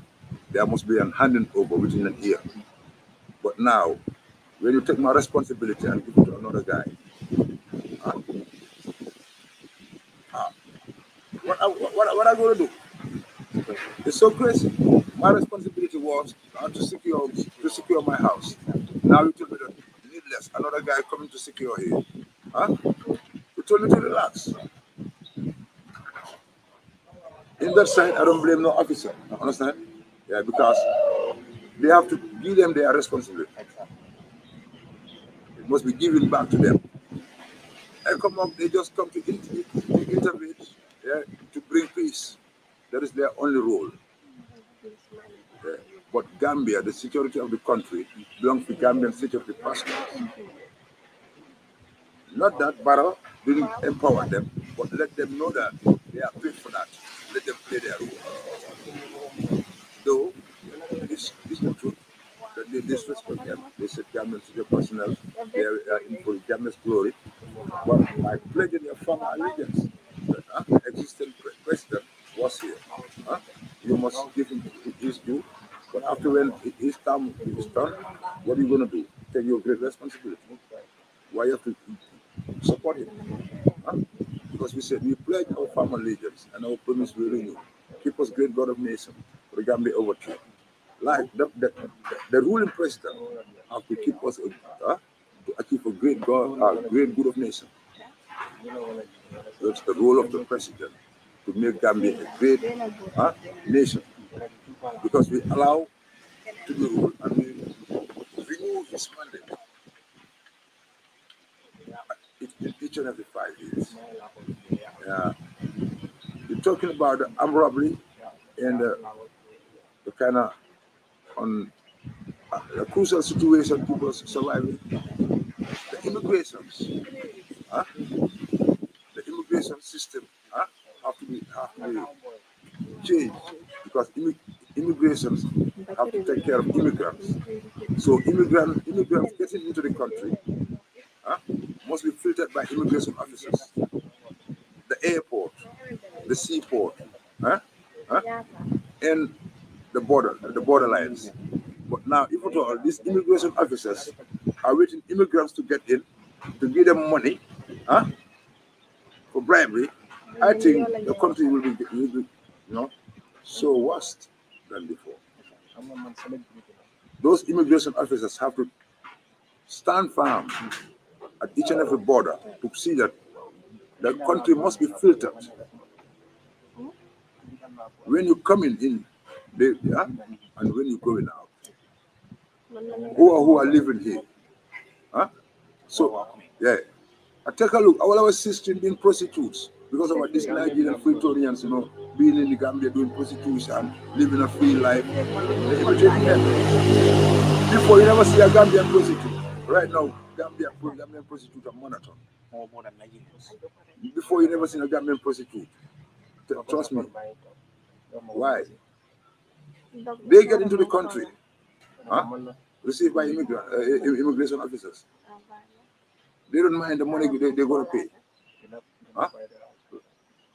S3: There must be an handing over within an year. But now, when you take my responsibility and give it to another guy, uh,
S1: uh, what, what, what, what are going
S3: to do? It's so crazy. My responsibility was uh, to secure to secure my house. Now you told me that needless, another guy coming to secure here. Huh? You told me to relax. In that sense, I don't blame no officer. You understand? Yeah, because they have to give them their responsibility. It must be given back to them. And come up, they just come to intervene yeah, to bring peace. That is their only role. Yeah. But Gambia, the security of the country, belongs to Gambian security personnel. Not that Barrow didn't empower them, but let them know that they are paid for that let them play their role. Though, this is the truth that they disrespect them. They said damage to their personnel, they are uh, in for damage glory. But I pledge in your former allegiance that after existing president was here, you must give him his due. But after when his time is done, what are you going to do? Take your great responsibility. Why you have to support him? Huh? because we said we pledge our family allegiance and our promise we renew. Keep us great God of nation, regard me overthrown. Like the, the, the, ruling president have to keep us uh, to achieve a great God, uh, great good of nation. That's the role of the president to make Gambia a great uh, nation because we allow to be ruled and we renew his mandate each and every five years. Yeah. You're talking about the armed robbery and the, uh, the kind of on um, uh, crucial situation people surviving. The immigration, huh? the immigration system huh? have to be have to be changed because immig immigrations have to take care of immigrants. So immigrants, immigrants getting into the country, huh? must be filtered by immigration officers. The airport, the seaport, huh? Huh? and the border, the borderlines. But now, even though these immigration officers are waiting immigrants to get in, to give them money huh? for bribery, I think the country will be, will be you know, so worse than before. Those immigration officers have to stand firm at each and every border to see that the country must be filtered. When you come in, in they, yeah, and when you going out. Who are, who are living here? Huh? So, yeah. I take a look. All our sisters being prostitutes because of what these Nigerian Torians. you know, being in the Gambia doing prostitution, living a free life. Before you never see a Gambian prostitute. Right now, Gambian, Gambian prostitute monitor. Oh, more than Before you never seen a Gambian prostitute. Trust me. Why? They get into the country, huh? received by immigrant, uh, immigration officers. They don't mind the money they, they're going to pay. Huh?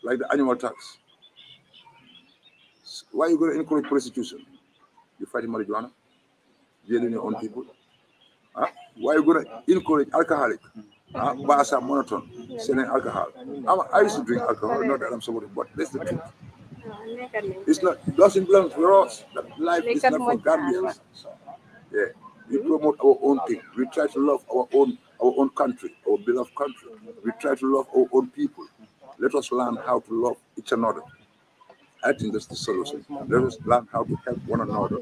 S3: Like the annual tax. So why you going to encourage prostitution? You fighting marijuana? Killing your own people? Huh? Why you gonna encourage alcoholic uh, ah, basa monotone selling alcohol I'm, i used to drink alcohol not that i'm somebody but that's the truth it's not it doesn't belong for us that life is not for gambians yeah we promote our own thing we try to love our own our own country our beloved country we try to love our own people let us learn how to love each another I think that's the solution. Let us learn how to help one another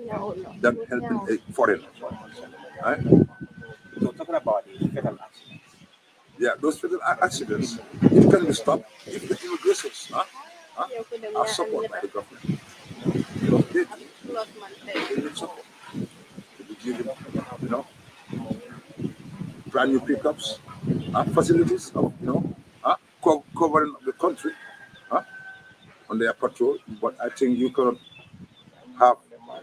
S3: than helping a foreigner. Right? So talking about the fatal accidents. Yeah, those fatal accidents, it can be stopped if the immigrations huh, huh, are supported by the government. Because they do, they need support. They you know, brand new pickups, uh, facilities, of, you know, uh, co covering the country uh, on their patrol. But I think you cannot have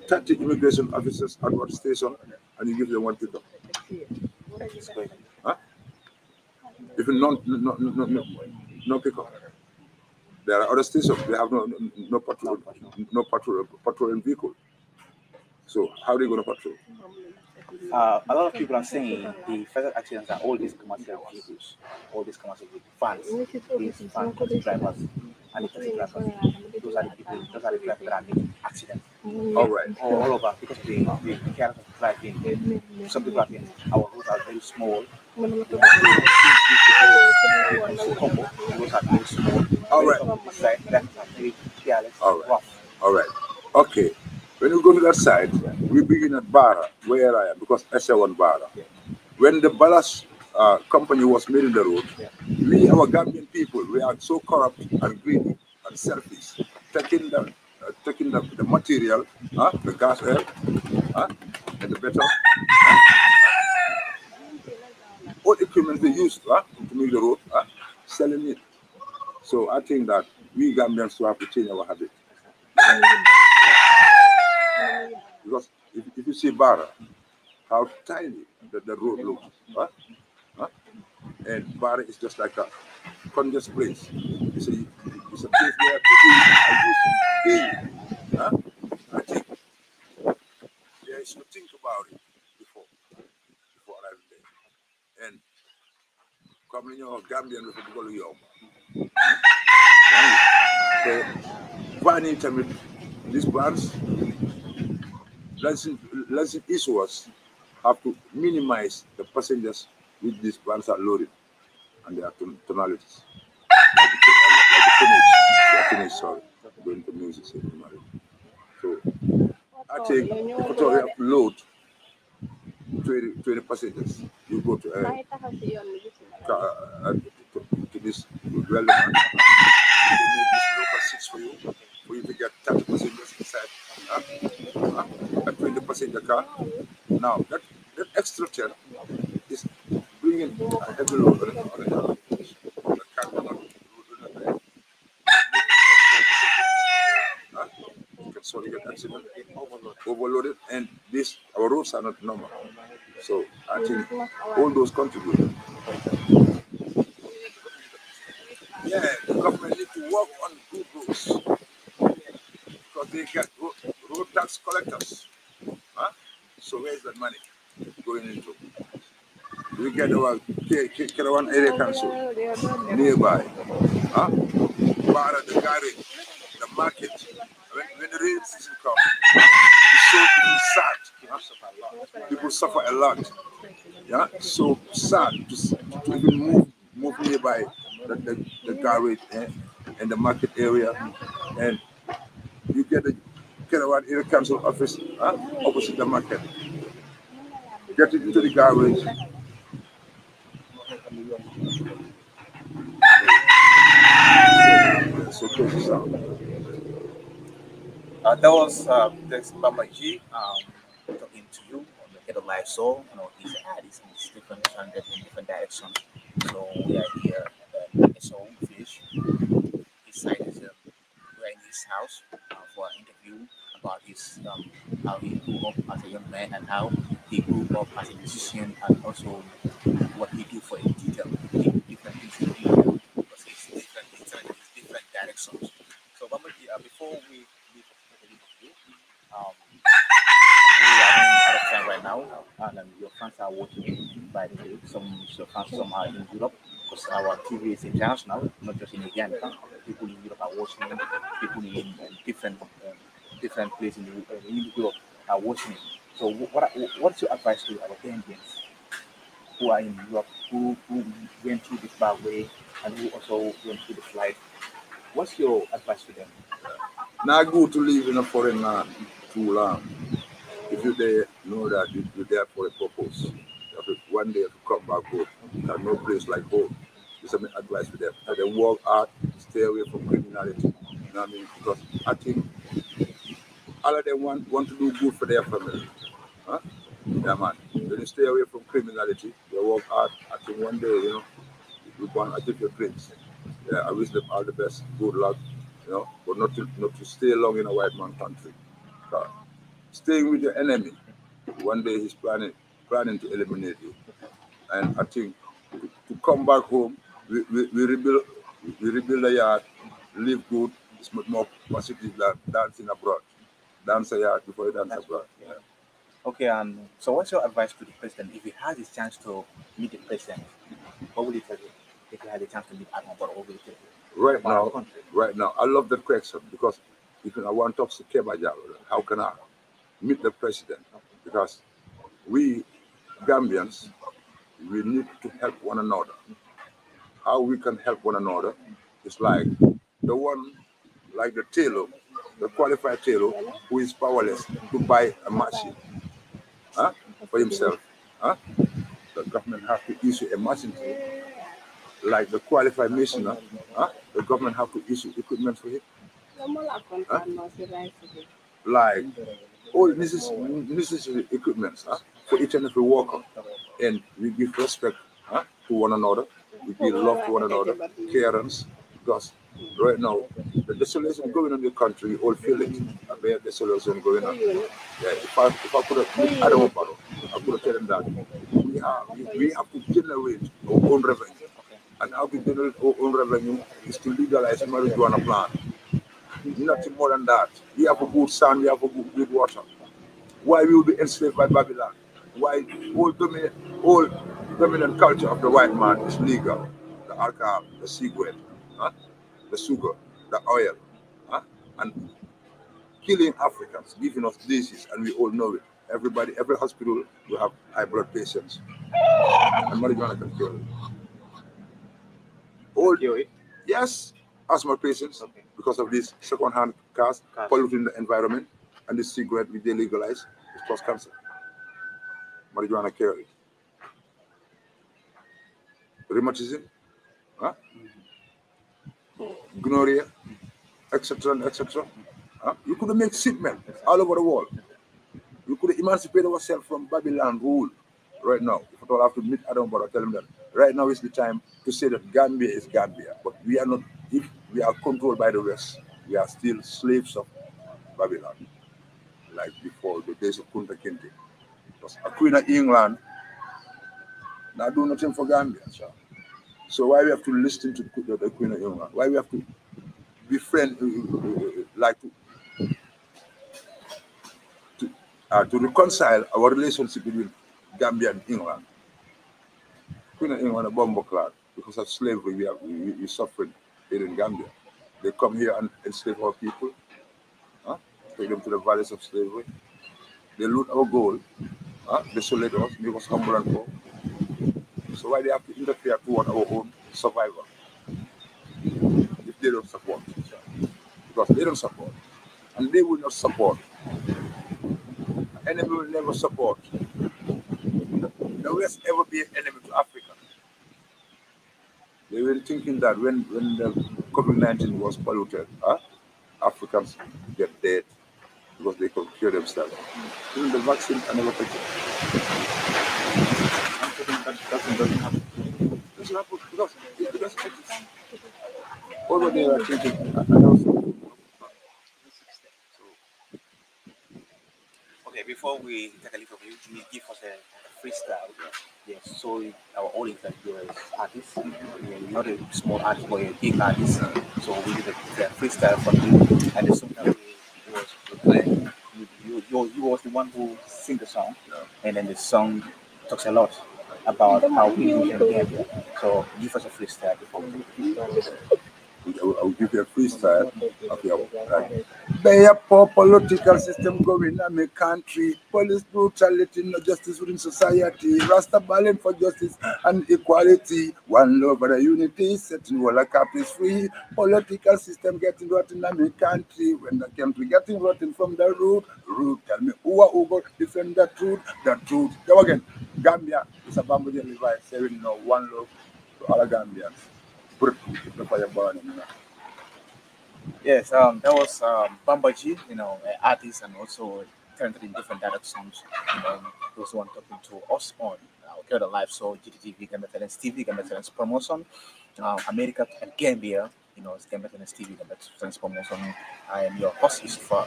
S3: 30 immigration officers at one station and you give them one pickup. Huh? If not, no, no, no, no pick up. There are other stations. They have no no patrol, no patrol, patrolling vehicle. So how are they going to patrol?
S1: Uh, a lot of people are saying the fatal accidents are all these commercial vehicles, all these commercial vehicles, fans, these fans, drivers, and the taxi drivers. Those are the people. Those are the people that are making accidents.
S2: All right,
S1: all, all of us, because being, the, character of life being dead, some people are in our roots are very small. All right. All
S3: right. All right. Okay. When we go to that side, we begin at Bara, where I am, because SL1 Bara. When the Balas uh, company was made in the road, we, our Gambian people, we are so corrupt and greedy and selfish, taking the taking the, the material, uh, the gas air, uh, and the better. all equipment they used, uh, to make the road, uh, selling it. So I think that we Gambians will have to change our habit. because if, if you see Barra, how tiny the, the road looks, huh? Huh? and Barra is just like a congested place. You see, some things
S2: we have to do. I used to be. Huh? I think there is it
S3: before, before Gambian with the Goliom. The ban intermit, these bans, licensed issuers have to minimize the passengers with these bans are loaded and their tonalities finish. finish, sorry. When the music is married. So I take if you talk load 20, 20 passengers, you go to uh, uh, uh, uh, to this relevant. They make this local seats for you, for you to get 30 passengers inside uh, uh, a 20 passenger car. Now that, that extra chair is bringing a heavy load on it. so get consider overloaded. and this our roads are not normal. So I think all those contribute. Yeah, the government need to work on good roads because they get road, tax collectors. Huh? So where's that money going into? We get our Caravan Area Council nearby. Huh? Bar the garage, the market, great physical. so sad. People suffer a lot. Yeah, so sad to, to even move move nearby the, the, the garage and, and the market area, and you get around Kerawat Area Council office huh, opposite the market. Get it into the garage. so close sound.
S1: Uh, that was uh, this Mama G um, talking to you on the Get a life Soul. You know, these artists in different genre, in different directions. So we are here at uh, Soul Fish. His side is uh, in his house uh, for an interview about his um, how he grew up as a young man and how he grew up as a musician and also what he do for a detail. different things in detail because he's different things different directions. right now, and um, your fans are watching by the way. Some your fans some are in Europe because our TV is international, not just in Uganda. People in Europe are watching. People in, in um, different um, different places in, um, in, Europe are watching. So what what's your advice to our Gambians who are in Europe, who, who went through this bad way, and who also went through the flight? What's your advice to them?
S3: Not good to live in a foreign land too long if you there, know that you're there for a purpose. To, one day you come back home. have no place like home. This is my advice to them. And then work hard, stay away from criminality. You know what I mean? Because I think all of them want, want to do good for their family. Huh? Yeah, man. When you stay away from criminality, you work hard. I think one day, you know, you born, I think prince. Yeah, I wish them all the best, good luck, you know, but not to, not to stay long in a white man country staying with your enemy. One day he's planning planning to eliminate you. And I think to come back home, we, we, we rebuild we rebuild the yard, live good, it's much more positive than
S1: dancing abroad. Dance a yard before you dance That's abroad. Right, yeah. Okay, and um, so what's your advice to the president if he has his chance to meet the president? What would you tell him if he had a chance to meet Admiral Barrow? What would tell Right About now,
S3: right now, I love that question because if I want to talk to Kebajal, how can I? meet the president because we Gambians, we need to help one another. How we can help one another is like the one, like the tailor, the qualified tailor who is powerless to buy a machine huh, for himself. Huh? The government has to issue a machine like the qualified missioner, huh? the government have to issue equipment for him. Huh? Like all necessary, necessary equipment huh, for each and every worker. And we give respect huh, to one another, we give love to one another, careance, because right now the desolation going on in the country, you all feel it. A bare desolation going on. Yeah, if I, if I could have, I don't know, I could have told them that we, are, we, we have to generate our own revenue. And how we generate our own revenue is to legalize marijuana plant nothing more than that. We have a good sun, we have a good, good water. Why we will be enslaved by Babylon? Why all dominant, all dominant culture of the white man is legal. The alcohol, the cigarette, huh? the sugar, the oil, huh? and killing Africans, giving us disease, and we all know it. Everybody, every hospital will have high blood patients.
S2: And
S3: marijuana can kill it. All, yes, asthma patients. Okay because of these second-hand cars, cars polluting the environment and this cigarette which they legalize, it causes cancer. Marijuana carry. Rheumatism, huh? Mm-hmm. gonorrhea, etc., etc. Huh? You could make shipment all over the world. You could emancipate ourselves from Babylon rule right now. If I have to meet Adam Barrow, tell him that right now is the time to say that Gambia is Gambia, but we are not. If we are controlled by the West. We are still slaves of Babylon, like before the days of Kunta Kinte. Because a queen of England now do nothing for Gambia. So, so why we have to listen to the, the queen of England? Why we have to befriend, uh, uh, uh, like to, to, uh, to reconcile our relationship between Gambia and England? Queen of England, a bomb because of slavery we, have, we, we suffered here in Gambia. They come here and enslave our people, huh? take them to the valleys of slavery. They loot our gold, huh? desolate us, make us humble and poor. So why they have to interfere toward our own survival? If they don't support, because they don't support, and they will not support. Enemy will never support. The will ever be an enemy to Africa. They were thinking that when, when the COVID-19 was polluted, huh, Africans get dead because they could cure themselves. Even the vaccine and never take That, that doesn't happen.
S1: It because it doesn't exist. All they thinking, Okay, before we take a leave of you, can you give us a freestyle. Yeah, so our own influence artists. We're not a small artist, but a big artist. So we did a, a freestyle for you, and the song was You, you, you, you was the one who sing the song, and then the song talks a lot about how we can get. So give us a freestyle before we I'll, give you a freestyle of your like,
S3: There poor political system going in my country. Police brutality, no justice within society. Rasta balling for justice and equality. One love for the unity, setting all the cap is free. Political system getting rotten in my country. When the country getting rotten from the root, root tell me who are who go defend the truth, the truth. Go again. Gambia is a bamboo jelly saying no one love to all Gambians put
S1: You know? Yes, um, that was um, Bamba G, you know, an artist and also currently in different directions. And then he was one talking to us on uh, okay, the Live, so GTTV, Gambia Talents TV, Gambia Talents Promotion, uh, America and Gambia, you know, it's Gambia Talents TV, Gambia Talents Promotion. I am your host, for.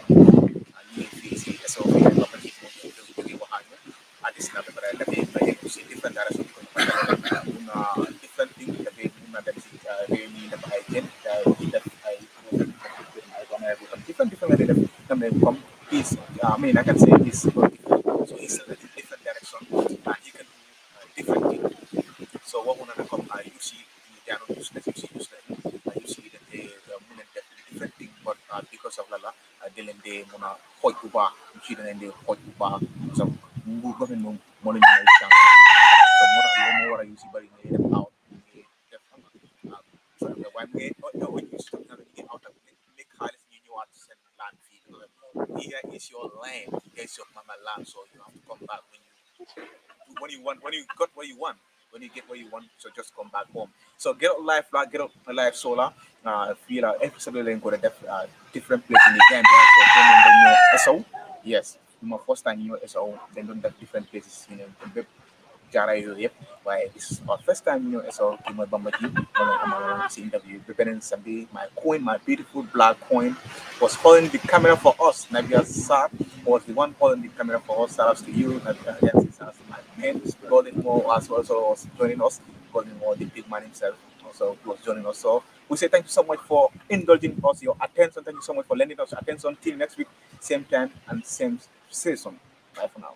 S1: Different uh, different thing réunion def ay jën di def ay different different a they do and they come is I mean I can say is so it's a different direction and you can do different things. So what one of come uh, you see they are not a you see useless, uh, you see different thing but uh, because of Lala uh, they lend they mona hot uba, you see then they hot uba so government money chance. So more or more you see but lapse, or you have to come back when you when you want when you got what you want. When you get what you want, so just come back home. So get up life, like get up life solar. Uh, feel like every single go to def, uh, different place in the game. So SO. Yes, my first time you know SO, then don't that different places. You know, Jara yep. Why this is my first time, you know, so all came my I'm around this interview. Preparing Sunday, my coin, my beautiful black coin, was holding the camera for us. Nabia Sar the one 41 the camera for us, shout to you, and uh, yes, shout my man, Golden Mo as well, so was joining us, Golden Mo, the big man himself, also was joining us. So we say thank you so much for indulging us, your attention, thank you so much for lending us attention. Till next week, same time and same season. Bye for now.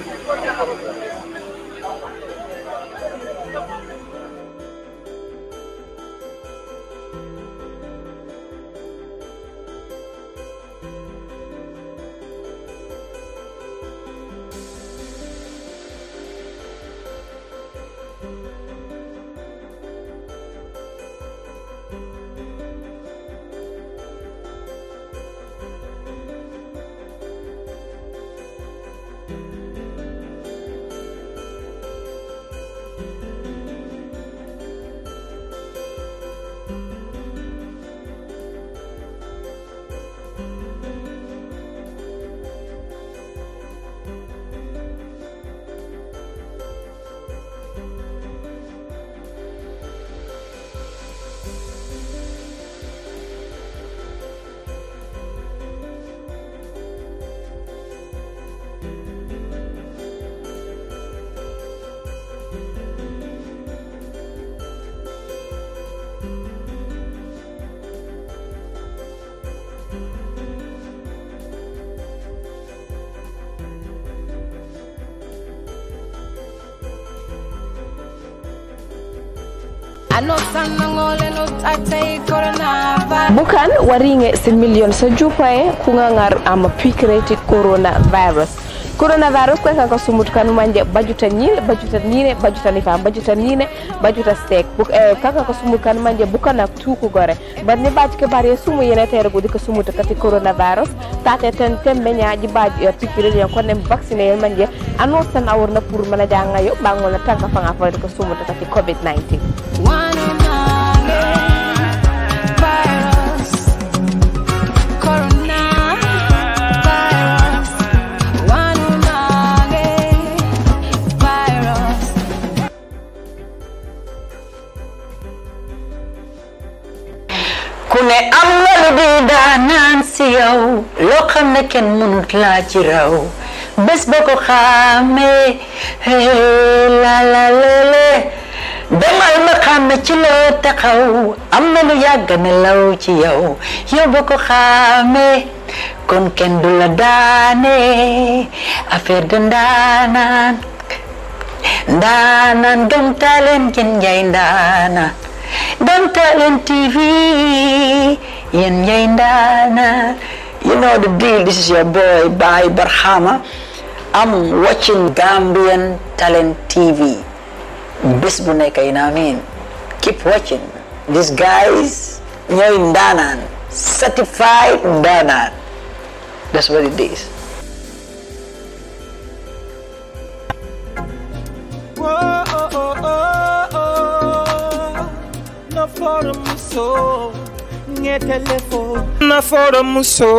S1: করতে হবে bukan waringe similion sa jupae kungangar ama pikreti coronavirus coronavirus kwe kanko sumut kan manje bajuta nyil bajuta
S2: nine bajuta nifa bajuta nine bajuta stek buk eh, kaka ko sumut kan manje bukana tuku gore ni baj ke bare sumu yene tere gudi ko sumut kati coronavirus tate ten tembe
S1: nyaaji baj uh, pikire yon ko nem vaccine yon manje anu tan awurna pour mala janga yo na tanka fanga fa ko sumut kati covid 19 raw loo xam ne kenn mënut laa ci raw bés ba ko xàmmee la la lele demal ma xàmme ci loo taxaw am na lu yàgg ne law ci yow yow ba ko kon kenn du la daane affaire de ndaanaan ndaanaan Gamtalent yéen Ndiaye ndaanaan Gamtalent TV yéen Ndiaye ndaanaan You know the deal, this is your boy, Bai Barhama. I'm watching Gambian Talent TV. Bis you know what I mean. Keep watching. These guys,
S3: in ndaanaan. Certified ndaanaan. That's what it is.
S2: Whoa, oh, oh, oh, oh ngetelefo maforo muso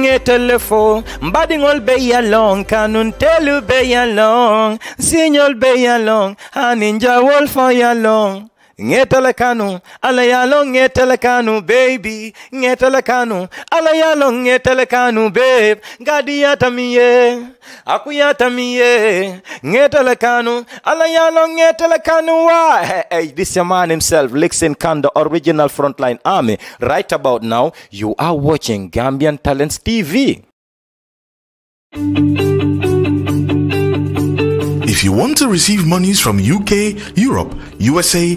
S2: ngetelefo mbadingol be yalong kanun telu be yalong sinyol be
S1: yalong aninja wol fo yalong Ngetelekanu, alayalo ngetelekanu, baby. Ngetelekanu, alayalo ngetelekanu, babe. Gadiyatamiye, akuyatamiye. Ngetelekanu, alayalo ngetelekanu, why? Hey, hey, this your man himself, Lixin Kanda, original frontline army. Right about now, you are watching Gambian Talents TV. If you want to receive monies from UK, Europe, USA,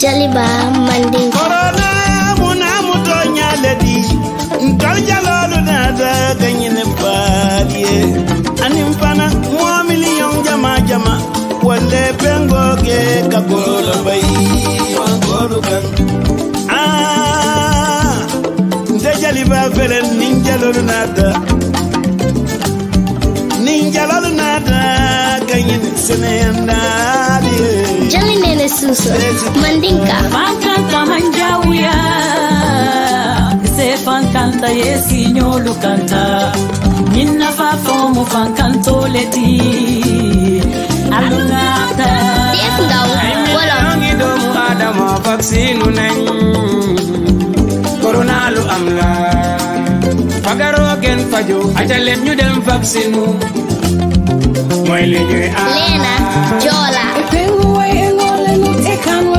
S2: jaliba mande korona muna muto nyaledi ntol jalolu nata kanyine badie anim fana mo million jama jama walle
S1: pengo ke kabolo bay koru ah nte jaliba felen nin jalolu nata nin jalolu nata kanyine senendadie
S2: da susu mandinka fankanka manjawuya se fankanta ye siɲolu kanta ɲin nafa fɔmu fankantoleti Ada
S1: ɗiɗomu adama vaccinu nayi koronalu amla fagarogen fajo ajalenñuden vaccinu moyliñoy a
S3: lena jola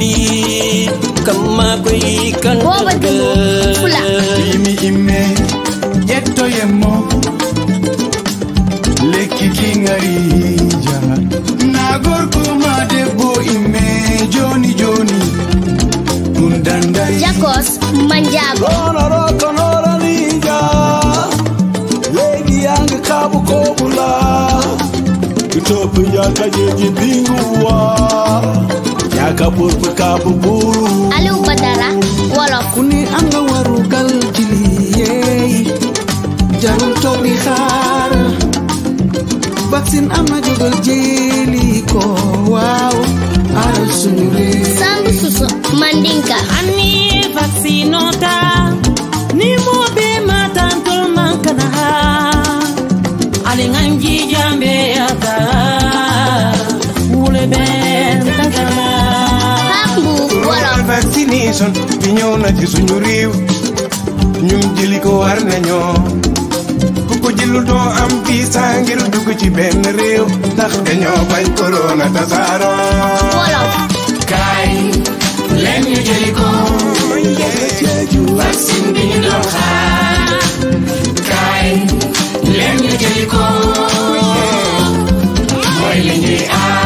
S2: di kama ko ikan ke imi ime yeto yemo leki kingari jana nagor kuma debo ime joni joni undandai jakos manjago konoro konoro
S1: ninja lady yang kabuko. Utopia ta jeji binguwa ya ka furfuka buburu
S2: Aliyu Badara Wolof ku ne am nga waru gal ci liyeey jarul toog di xaar vaccine am ko waaw aral suñu réew Susu Mandinka Ani vaksinota, ni mo be matantul mankana Ali nganji jambe
S1: vaccination bi ñëw ko war nañoo leen ñu jëli ko vaccine ñu doon
S2: xaar leen ñu jëli mooy li ñuy aar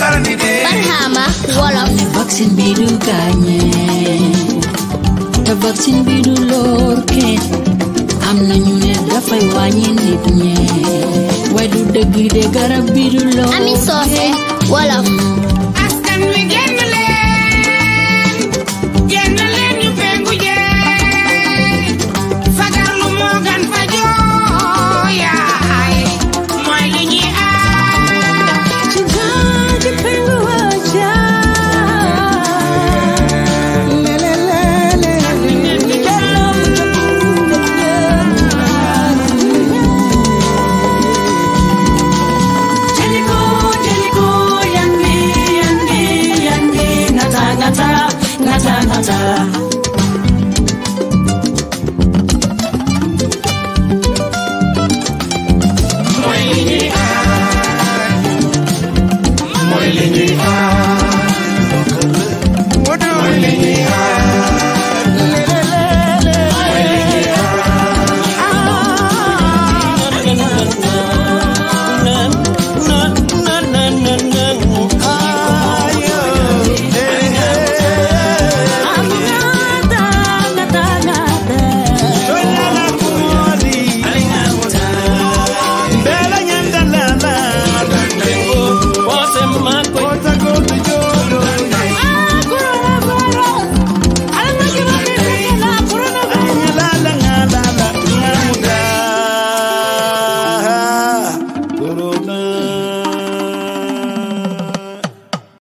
S1: Barhama
S2: Wolof vaksin vaksin lor ken am na ñu wañi nit lor ami sofé wolof hmm. askan wi